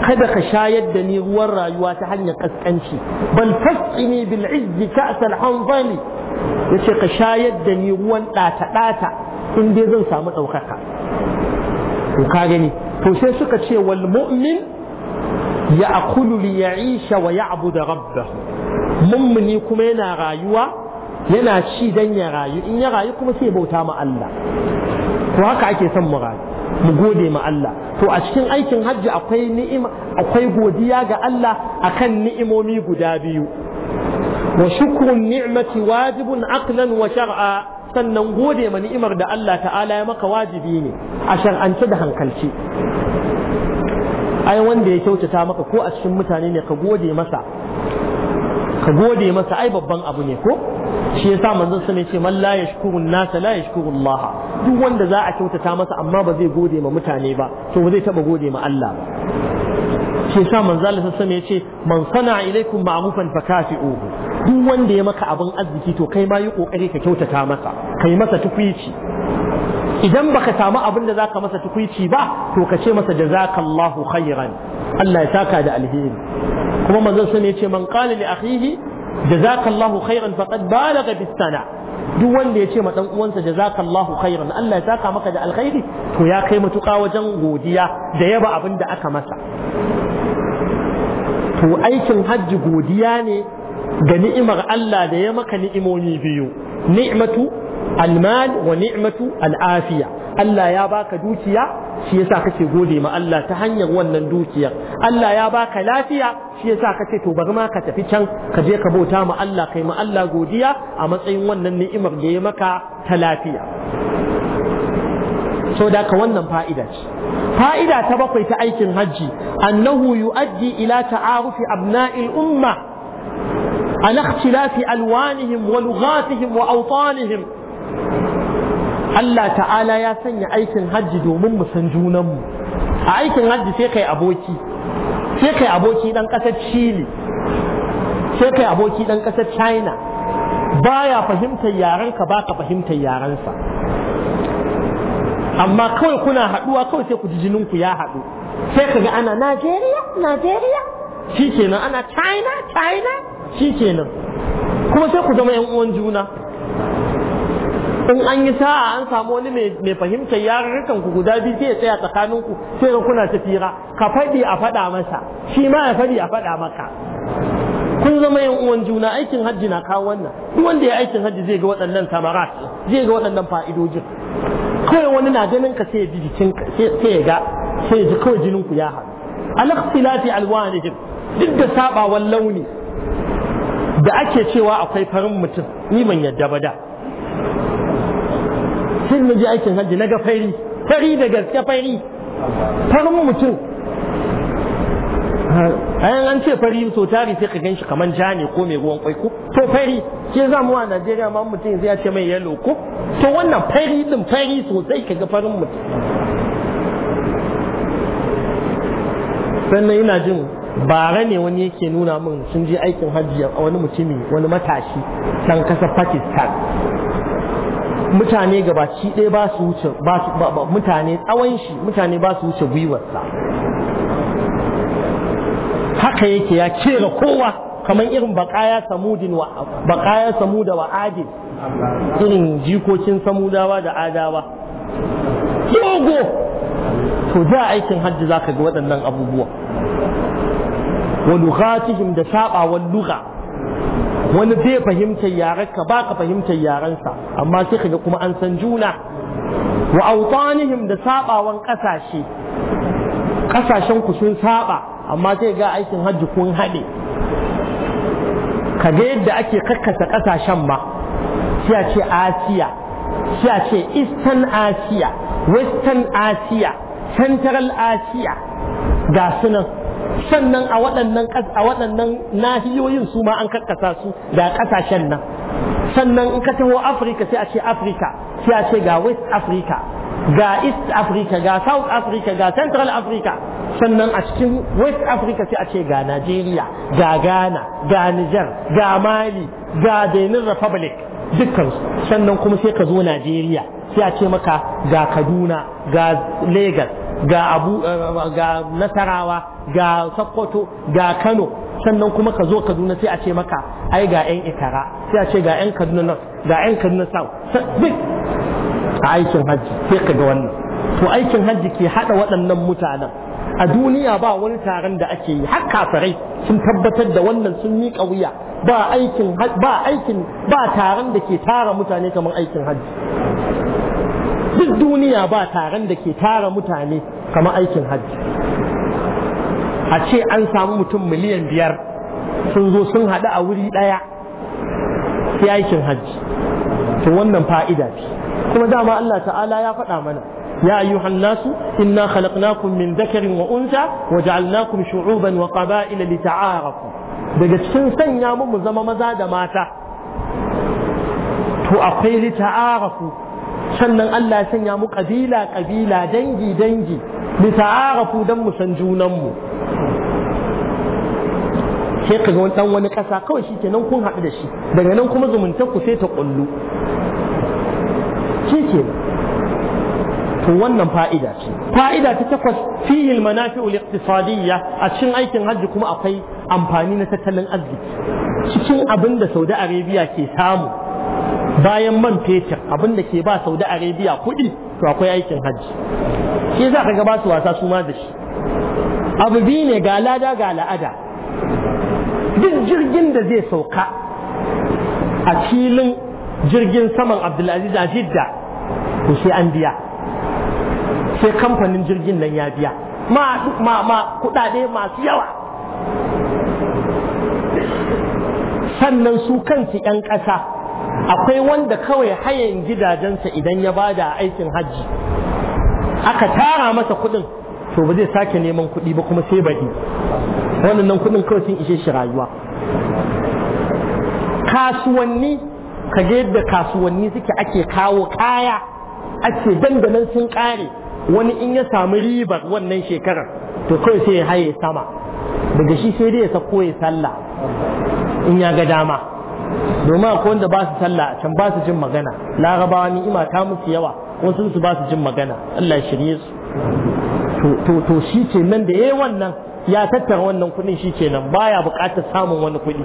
Speaker 1: قد خشايدني ورى يواتحني قد أنشي بل تسقني بالعز كأس الحنظل يتي خشايدني ون لا تلاتا إن بيزن سامت أو خاقا وقاقني فسيسك شيء والمؤمن يأكل ليعيش ويعبد ربه ممن يكون غايوة ينا شيء دنيا غايو إن غايو كما الله وهكا عكي سمو mu gode ma Allah to a cikin aikin hajji akwai ni'ima akwai godiya ga Allah akan ni'imomi guda biyu wa shukrun ni'mati wajibun aqlan wa shar'a sannan gode ma ni'imar da Allah ta'ala ya maka wajibi ne a shar'ance da hankalci ai wanda ya kyautata maka ko a cikin mutane ne ka gode masa ka gode masa ai babban abu ne ko shi yasa manzon sa ne ce man la yashkurun nasa, la yashkuru Allah duk wanda za a kyautata masa amma ba zai gode ma mutane ba to ba zai taba gode ma Allah ba shi yasa manzon Allah sa ne ce man sana ilaikum ma'rufan fakafi'uhu duk wanda ya maka abin arziki to kai ma yi kokari ka kyautata masa kai masa tukwici idan baka samu abin da zaka masa tukwici ba to ka ce masa jazakallahu khairan Allah ya saka da alheri kuma manzon sun ya ce man qala li akhihi jazakallahu khairan faqad balagha bis sana duk wanda ya ce ma dan uwansa jazakallahu khairan Allah ya saka maka da alkhairi to ya kai mutuka wajen godiya da yaba abin da aka masa to aikin hajji godiya ne ga ni'imar Allah da ya maka ni'imomi biyu ni'matu almal wa ni'matu al'afiya Allah ya baka dukiya shi yasa kake gode ma Allah ta hanyar wannan dukiyar Allah ya baka lafiya shi yasa ka ce to bari ma ka tafi can ka je ka bauta ma Allah kai ma Allah godiya a matsayin wannan ni'imar da ya maka ta lafiya so da ka wannan fa'ida ce fa'ida ta bakwai ta aikin hajji annahu yu'addi ila ta'arufi abna'il umma ala ikhtilafi alwanihim wa lughatihim wa awtanihim Allah ta'ala ya sanya aikin hajji domin mu san junanmu a aikin hajji sai kai aboki sai kai aboki dan kasar Chile sai kai aboki dan kasar China baya fahimtar yaren ka baka fahimtar yarensa amma kawai kuna haduwa kawai sai ku ji jinin ku ya hadu sai kaga ana Nigeria nigeria shikenan ana China China shikenan kuma sai ku zama yan uwan juna in an yi sa'a an samu wani mai fahimtar yarurrukan ku guda biyu sai ya tsaya tsakanin ku sai ga kuna tafira ka faɗi a faɗa masa shi ma ya faɗi a faɗa maka kun zama yan uwan juna aikin hajji na kawo wannan duk wanda ya aikin hajji zai ga waɗannan samarat zai ga waɗannan fa'idojin kai wani na ganin ka sai ya ji jikin sai ya ga sai ya ji kawai jinin ku ya haɗu alakhtilafi alwanihim duk da sabawan launi da ake cewa akwai farin mutum ni ban yadda ba da mutum na ji aikin hajji na ga fari fari da gaske fari farin mutum ayan an ce fari so tari sai ka ganshi kaman ja ne ko mai ruwan kwai ko to fari ke za mu wa Najeriya ma mutum zai ce mai yalo ko to wannan fari din fari sosai ga farin mutum sannan ina jin bara ne wani yake nuna min sun je aikin hajji a wani mutumi wani matashi can kasar
Speaker 2: Pakistan
Speaker 1: mutane gabaki ɗaya ba su wuce mutane tsawon shi mutane ba su wuce gwiwarsa haka yake ya kera kowa kamar irin baƙaya samudin wa baƙaya samuda wa adi irin jikokin samudawa da adawa dogo to da aikin hajji zaka ga waɗannan abubuwa wa lughatihim da saba wal lugha wani zai fahimtar yarenka ba ka fahimtar yarensa amma sai kaga kuma an san juna wa autanihim da sabawan kasashe kasashen ku sun saba amma sai ga aikin hajji kun haɗe kaga yadda ake kakkasa kasashen ma sai a ce asiya sai a ce eastern asia western asia central asia ga sunan sannan a waɗannan a waɗannan nahiyoyin su ma an karkasa su da ƙasashen nan sannan in ka taho Afirka sai a ce Afirka sai a ce ga West Africa ga East Africa ga South Africa ga Central Africa sannan a cikin West Africa sai a ce ga Nigeria ga Ghana ga Niger ga Mali ga Benin Republic dukkansu sannan kuma sai ka zo Najeriya sai a ce maka ga Kaduna ga Lagos ga abu eh, ga nasarawa ga sokoto ga kano sannan kuma ka zo kaduna sai a ce maka ai ga yan ikara sai a ce ga yan kaduna nan ga yan kaduna sau sai a aikin hajji sai ka ga wannan to aikin hajji ke hada waɗannan mutanen a duniya ba wani taron da ake yi har kafirai sun tabbatar da wannan sun miƙa wuya ba aikin ba aikin ba taron da ke tara mutane kamar aikin hajji duk duniya ba taron da ke tara mutane kamar aikin hajji a ce an samu mutum miliyan biyar sun zo sun haɗu a wuri ɗaya sai aikin hajji to wannan fa'ida ce kuma dama Allah ta'ala ya faɗa mana يا أيها الناس إنا خلقناكم من ذكر وأنثى وجعلناكم شعوبا وقبائل لتعارفوا daga cikin sanya mu zama maza da mata to akwai lita'arafu sannan Allah ya sanya mu ƙabila kabila dangi dangi bi ta'arafu dan mu san junan mu sai ka ga dan wani kasa kawai shi kenan kun haɗu da shi daga nan kuma zumuntar ku sai ta kullu ke kenan to wannan fa'ida ce fa'ida ta takwas fihi almanafi'u al-iqtisadiyya a cikin aikin hajji kuma akwai amfani na tattalin arziki cikin abin da Saudi Arabia ke samu bayan man fetur abin da ke ba saudi arabiya kuɗi to akwai aikin hajji shi za ka gaba su wasa su ma da shi abu biyu ne ga lada ga la'ada duk jirgin da zai sauka a filin jirgin saman abdulaziz a jidda to sai an biya sai kamfanin jirgin nan ya biya ma ma kudade masu yawa sannan su kansu 'yan ƙasa akwai wanda kawai hayan gidajensa idan ya ba da aikin hajji aka tara masa kuɗin to ba zai sake neman kuɗi ba kuma sai baɗi wannan nan kuɗin kawai sun ishe shi rayuwa kasuwanni ka ga yadda kasuwanni suke ake kawo kaya ake dandanan sun ƙare wani in ya samu ribar wannan shekarar to kawai sai ya haye sama daga shi sai dai ya sako ya sallah in ya ga dama domin akwai wanda ba su sallah a can ba su jin magana larabawa ni'ima ta musu yawa wasu su ba su jin magana Allah shirye su to to shi ce nan da yayi wannan ya tattara wannan kuɗin shi ce nan baya buƙatar samun wani kuɗi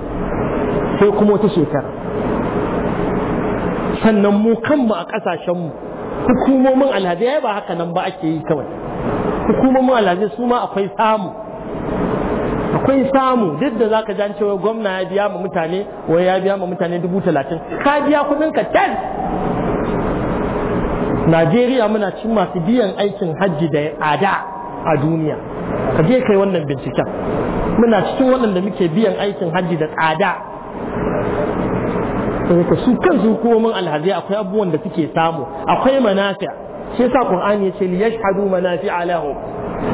Speaker 1: sai kuma wata shekara sannan mu kanmu a mu hukumomin alhazai ba haka nan ba ake yi kawai hukumomin alhazi su ma akwai samu akwai samu duk da zaka jan cewa gwamna ya biya ma mutane wa ya biya ma mutane dubu talatin ka biya kudin ka ten Najeriya muna cin masu biyan aikin hajji da ada a duniya ka je kai wannan binciken muna cikin waɗanda muke biyan aikin hajji da tsada su kan su hukumomin alhazai akwai abubuwan da suke samu akwai manafiya shi yasa qur'ani yace li yashhadu manafi'a lahum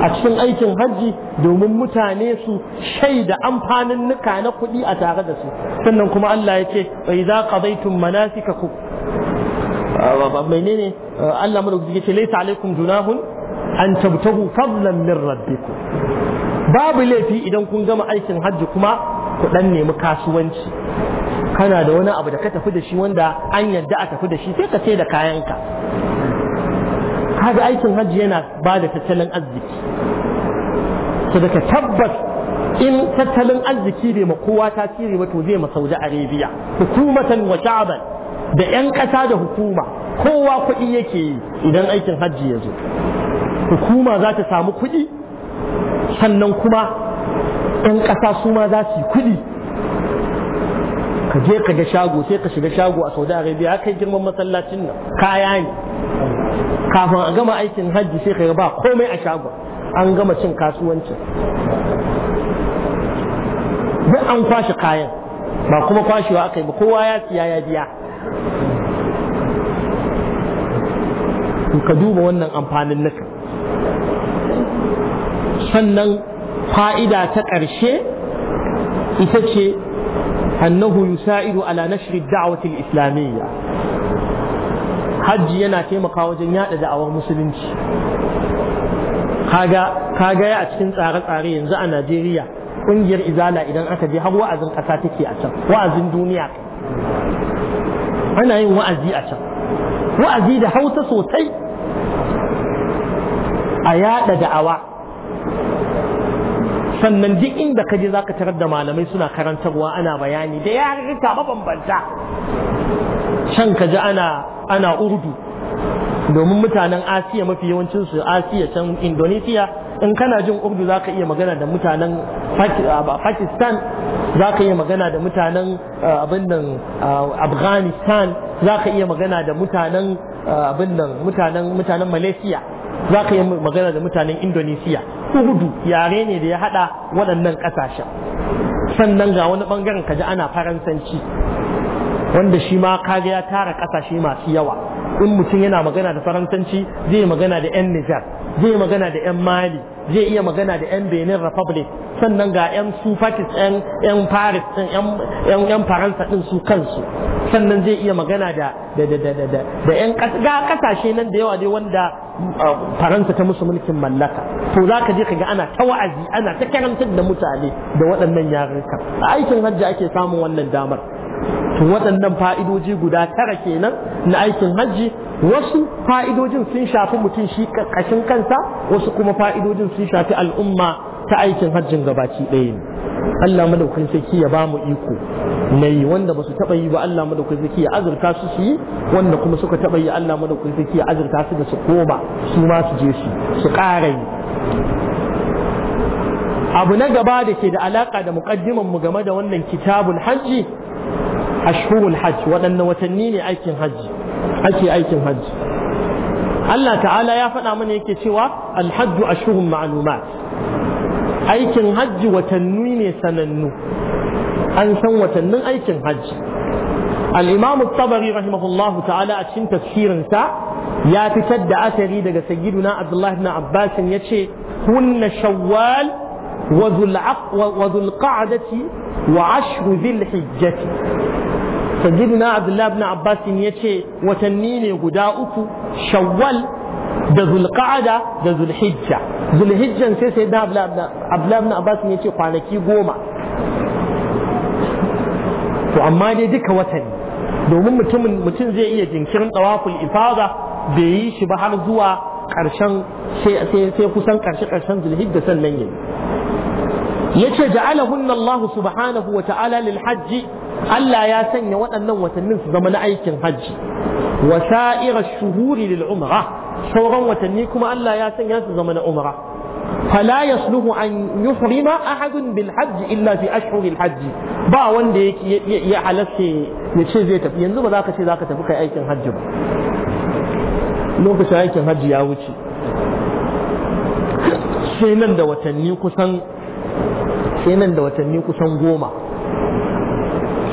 Speaker 1: a cikin aikin hajji domin mutane su shaida amfanin nuka na kuɗi a tare da su sannan kuma Allah ya ce fa idza qadaytum manasikakum menene Allah madaukaki ya ce laysa alaikum junahun an tabtahu fadlan min rabbikum babu laifi idan kun gama aikin hajji kuma ku dan nemi kasuwanci kana da wani abu da ka tafi da shi wanda an yadda a tafi da shi sai ka sai da kayanka kaga aikin hajji yana ba da tattalin arziki sadaka tabbas in tattalin arziki bai ma kowa tasiri ba to zai ma Saudi Arabia hukumatan wa sha'ban da yan kasa da hukuma kowa kuɗi yake yi idan aikin hajji ya zo hukuma za ta samu kuɗi sannan kuma yan ƙasa su ma za su yi kuɗi ka je ka ga shago sai ka shiga shago a Saudi Arabia kai girman masallacin nan kaya ne kafin a gama aikin hajji sai ka ba komai a shagon an gama cin kasuwancin duk an kwashe kayan ba kuma kwashewa aka yi ba kowa ya siya ya biya ka duba wannan amfanin naka sannan fa'ida ta ƙarshe ita ce annahu yusa'idu ala nashri da'watil islamiyya hajji yana taimaka wajen yada da'awar musulunci kaga gaya ya a cikin tsare-tsare yanzu a Najeriya kungiyar izala idan aka je har wa'azin ƙasa take a can wa'azin duniya ana yin wa'azi a can wa'azi da hausa sosai a yada da'awa sannan duk inda ka je za ka tarar da malamai suna karantarwa ana bayani da yarurruka mabambanta can kaji ana ana urdu domin mutanen asiya mafi yawancinsu asiya can Indonesia in kana jin urdu za ka iya magana da mutanen pakistan za iya magana da mutanen abin afghanistan za iya magana da mutanen abin mutanen malaysia za ka yi magana da mutanen indonesiya uhudu yare ne da ya haɗa waɗannan ƙasashen sannan ga wani ɓangaren kaji ana faransanci wanda shi ma kariya ya tara ƙasashe masu yawa in mutum yana magana da faransanci zai magana da yan nijar zai magana da yan mali zai iya magana da yan benin republic sannan ga yan su pakis yan paris yan yan faransa din su kansu sannan zai iya magana da da da da da da yan kasashe nan da yawa dai wanda faransa ta musu mulkin mallaka to zaka je ka ga ana ta wa'azi ana ta karantar da mutane da waɗannan yarurruka a aikin hajji ake samun wannan damar to waɗannan fa'idoji guda tara kenan na aikin hajji wasu fa'idojin sun shafi mutum shi ƙashin kansa wasu kuma fa'idojin sun shafi al'umma ta aikin hajjin gabaki ɗaya ne Allah madaukakin sarki ya ba mu iko na yi wanda ba su taɓa yi ba Allah madaukakin sarki ya azurta su su yi wanda kuma suka taɓa yi Allah madaukakin sarki ya azurta su da su koma su ma su je su su ƙara yi abu na gaba da ke da alaƙa da muƙaddiman mu game da wannan kitabul hajji ashhurul hajj waɗanne watanni ne aikin hajji ake aikin hajji Allah ta'ala ya faɗa mana yake cewa alhajju ashhurun ma'lumat aikin hajji watanni ne sanannu an san watannin aikin hajji al-imam at-tabari rahimahullahu ta'ala a cikin sa ya fitar da asari daga sayyiduna abdullahi ibn abbas yace kunna shawwal wa dhul wa dhul qa'dati wa ashru dhil hijjati sayyidina abdullahi ibn abbas ce watanni ne guda uku shawwal da zulqa'ada da zulhijja zulhijjan sai sai na abdullahi ibn abbas yace kwanaki goma to amma dai duka watanni domin mutumin mutum zai iya jinkirin tawaful ifada bai yi shi ba har zuwa karshen sai kusan karshe karshen zulhijja sannan yi yace ja'alahunna Allah subhanahu wa ta'ala lil hajji Allah ya sanya waɗannan watannin su zama na aikin hajji wa sa'ira shuhuri lil umra sauran watanni kuma Allah ya sanya su zama na umra fala yasluhu an yuhrima ahadun bil hajji illa fi ashhuril ba wanda yake ya halatta ya ce zai tafi yanzu ba za ka ce za ka tafi kai aikin hajji ba lokacin aikin hajji ya wuce sai nan da watanni kusan sai nan da watanni kusan goma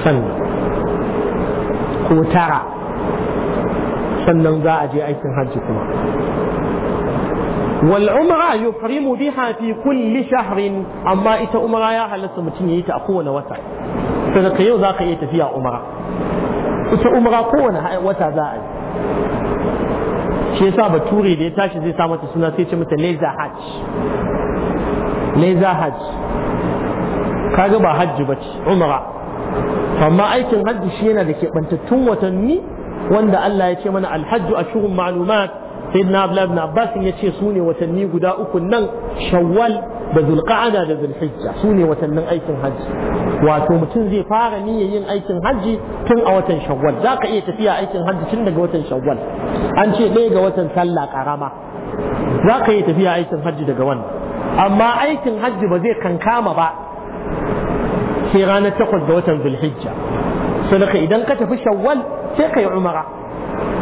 Speaker 1: sannan ko tara sannan za a je aikin hajji kuma wal umra yuhrimu biha fi kulli shahrin amma ita umra ya halatta mutum yayi ta a kowane wata sai ka yau zaka iya tafiya umra ita umra kowane wata za a yi shi yasa bature da ya tashi zai sa mata suna sai ce mata laser hajj laser hajj kaga ba hajji bace umra amma aikin hajji shi yana da keɓantattun watanni wanda Allah ya ce mana alhajju ashurun ma'lumat sayyidina na ibn Abbas ya ce su ne watanni guda uku nan Shawwal da Zulqa'ada da Zulhijja su ne watannin aikin hajji wato mutum zai fara niyyar yin aikin hajji tun a watan Shawwal za ka iya tafiya aikin hajji tun daga watan Shawwal an ce ɗaya ga watan sallah ƙarama za ka iya tafiya aikin hajji daga wannan amma aikin hajji ba zai kankama ba sai ranar takwas ga watan zulhijja sadaka idan ka tafi shawwal sai ka yi umara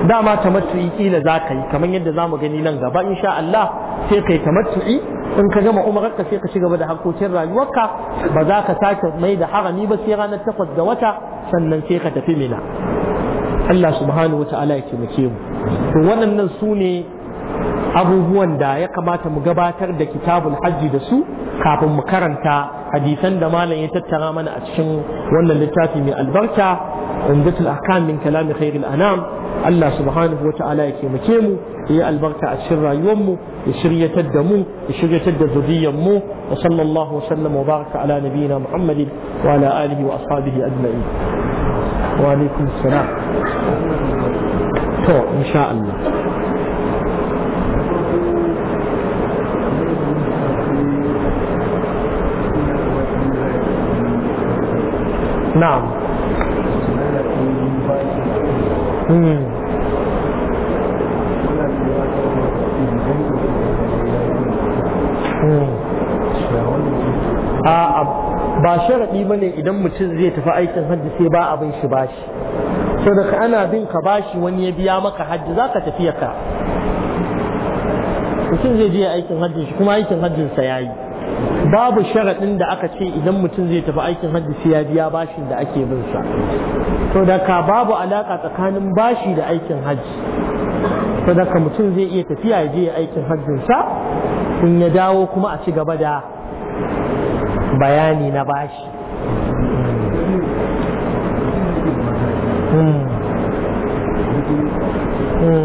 Speaker 1: dama tamattu'i kila za ka yi kamar yadda za mu gani nan gaba insha Allah sai ka yi tamattu'i in ka gama umararka sai ka ci gaba da harkokin rayuwarka ba za ka sake mai da harami ba sai ranar takwas ga wata sannan sai ka tafi mina Allah subhanahu wa ta'ala ya taimake mu to waɗannan su ne abubuwan da ya kamata mu gabatar da kitabul hajji da su kafin mu karanta hadisan da malam ya tattara mana a cikin wannan littafi mai albarka umdatul ahkam min kalami khairil anam Allah subhanahu wata'ala ya kemake mu ya albarka a cikin rayuwar mu ya shiryatar da mu ya shiryatar da zuriyar mu wa sallallahu wa wa baraka ala nabiyyina muhammadin wa ala alihi wa ashabihi ajma'in wa alaikum salam to insha Allah
Speaker 2: na'am hmm. Hmm.
Speaker 1: ba sharaɗi ba ne idan mutum zai tafi aikin hajji sai ba abin shi bashi sau da ka ana bin ka bashi wani ya biya maka hajji za ka tafiya ka mutum zai je aikin hajji shi kuma aikin hajjinsa ya yi babu sharaɗin da aka ce idan mutum zai tafi aikin hajji sai ya biya bashin da ake bin sa to da ka babu alaka tsakanin bashi da aikin hajji to da ka mutum zai iya tafiya ya je aikin hajjin sa in ya dawo kuma a ci gaba da bayani na bashi
Speaker 2: hmm. Hmm.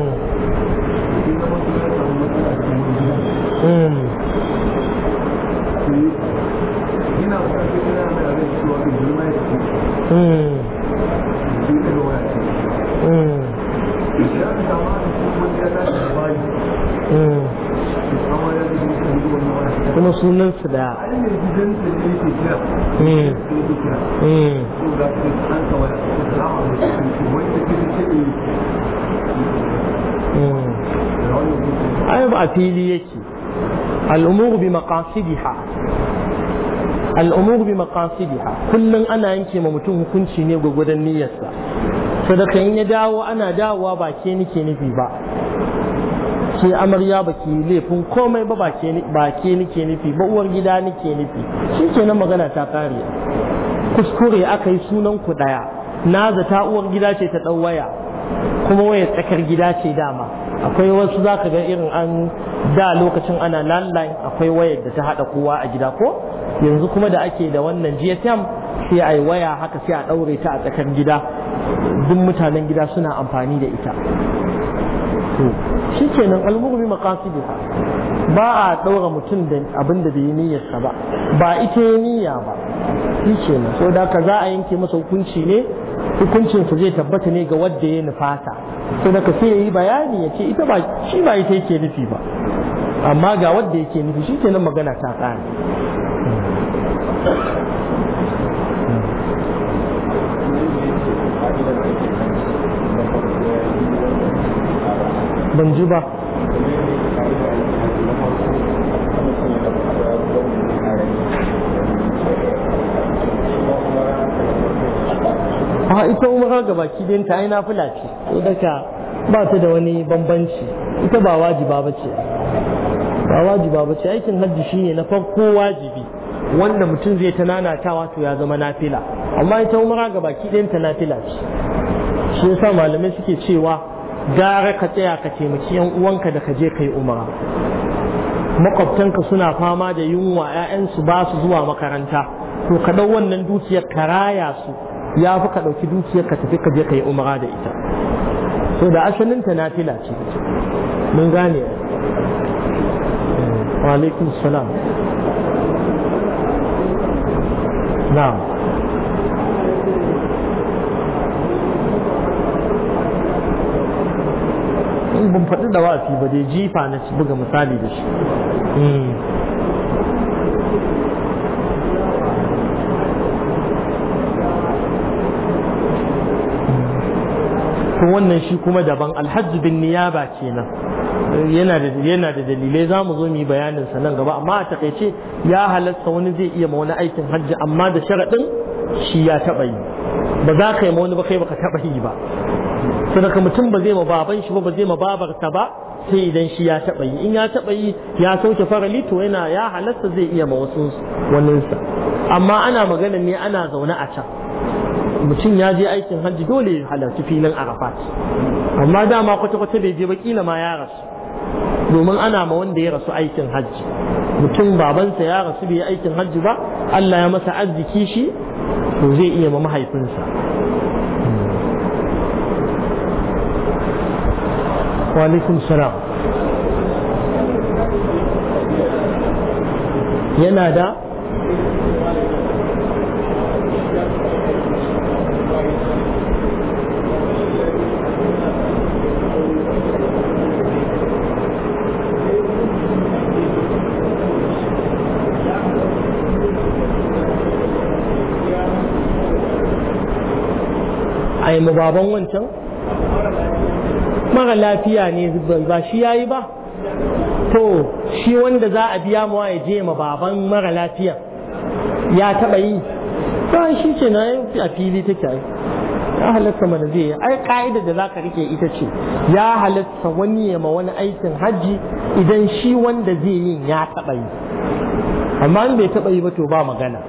Speaker 2: Hmm.
Speaker 1: kuma sunan su da ai a fili yake al'umuru bi maqasidiha al'umur bi maqasidiha kullun ana yanke ma mutum hukunci ne gwagwadon niyyarsa sadaka in ya dawo ana dawowa ba ke nike nufi ba ke amarya ba ke laifin komai ba ba ke nike nufi ba uwar gida nike nufi shi ke nan magana ta kare kuskure aka yi sunan ku daya na zata uwar gida ce ta ɗau kuma waya tsakar gida ce dama akwai wasu zaka ga irin an da lokacin ana landline akwai wayar da ta haɗa kowa a gida ko yanzu kuma da ake da wannan gsm sai a yi waya haka sai a ɗaure ta a tsakar gida duk mutanen gida suna amfani da ita shi kenan almurbi maqasidu ba a ɗaura mutum da abin da bai yi niyyarsa ba ba ita ya niyya ba shi kenan so da ka za a yanke masa hukunci ne hukuncinsa zai tabbata ne ga wadda ya nufata so da ka sai ya yi bayani ya ce ita ba shi ba ita yake nufi ba amma ga wadda yake nufi shi kenan magana ta ƙare ban ji ba a ita umar ga baki din ta aina fula ce daga ba ta da wani bambanci ita ba wajiba ba ce ba wajiba ba ce aikin hajji shine na farko wajibi wanda mutum zai ta nanatawa to ya zama nafila amma ita umara ga baki ɗayan ta nafila ce shi yasa malamai suke cewa gara ka tsaya ka taimaki yan uwanka da ka je kai umara makwabtanka suna fama da yunwa ƴaƴansu ba su zuwa makaranta to ka ɗau wannan dukiyar ka raya su ya fi ka ɗauki dukiyar ka tafi ka je ka yi umara da ita so da asalin ta nafila ce mun gane wa alaikum salam na'am in ban faɗi da wasi ba dai jifa na ci buga misali da shi to wannan shi kuma daban alhaji bin niyaba kenan yana da dalilai za mu zo mu yi bayanin sa nan gaba amma a takaice ya halatta wani zai iya ma wani aikin hajji amma da sharaɗin shi ya taɓa yi ba za ka yi ma wani ba kai baka taɓa yi ba sadaka mutum ba zai ma baban shi ba ba zai ma babarsa ba sai idan shi ya taɓa yi in ya taɓa yi ya sauke farali to yana ya halatta zai iya ma wasu waninsa amma ana magana ne ana zaune a can mutum ya je aikin hajji dole ya halarci filin arafat amma dama kwata-kwata bai je ba kila ma ya rasu domin ana ma wanda ya rasu aikin hajji mutum babansa ya rasu bai aikin hajji ba Allah ya masa arziki shi to zai iya ma mahaifinsa walaikum salam yana da a yi baban wancan mara lafiya ne ba shi ya yi ba to shi wanda za a biya mawa ya je ma baban mara lafiya ya taɓa yi ba shi ce na a fili take yi ya halatta mana zai yi ai ka'idar da za ka rike ita ce ya halatta wani ya ma wani aikin hajji idan shi wanda zai yi ya taɓa yi amma in bai taɓa yi ba to ba magana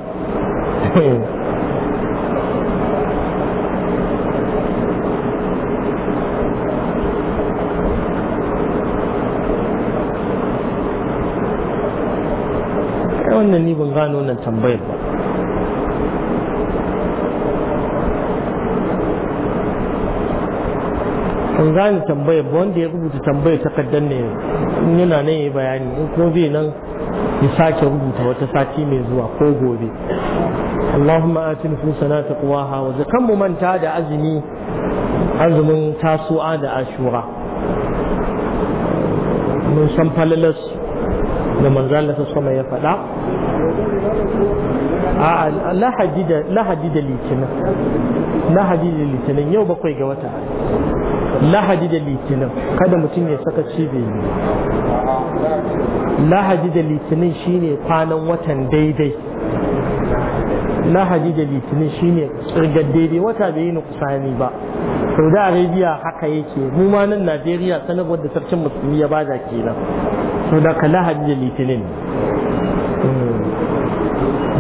Speaker 1: wannan ni ban gano wannan tambayar ba ban gane tambayar ba wanda ya rubuta tambayar takardar ne yana nan ya bayani in ko bai nan ya sake rubuta wata sati mai zuwa ko gobe اللهم آت نفوسنا تقواها وزكم من da أزمي azumin تاسوعا da ashura mun san falalarsu da da sassu sama ya faɗa a lahadi da litinin lahadi da litinin yau bakwai ga wata lahadi da litinin kada mutum ya saka cibe lahadi da litinin shine kwanan watan daidai lahadi da litinin shine tsirgar daidai wata bai yi nukusani ba saudi arabia haka yake mu ma nan najeriya sanarwar da sarkin musulmi ya bada kenan to da ka lahadi litinin hmm.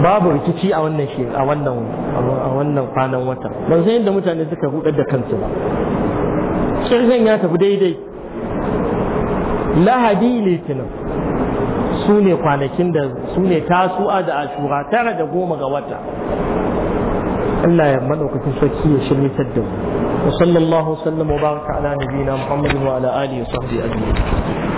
Speaker 1: babu rikici a wannan shi a wannan a kwanan wata ban san yadda mutane suka hudar da kansu ba kirgin ya tafi daidai lahadi litinin su ne kwanakin da su ne tasu'a da ashura tara da goma ga wata Allah ya madaukakin sarki ya shirmitar da mu wa sallallahu sallam wa baraka ala nabiyina muhammadin wa ala alihi wa sahbihi ajma'in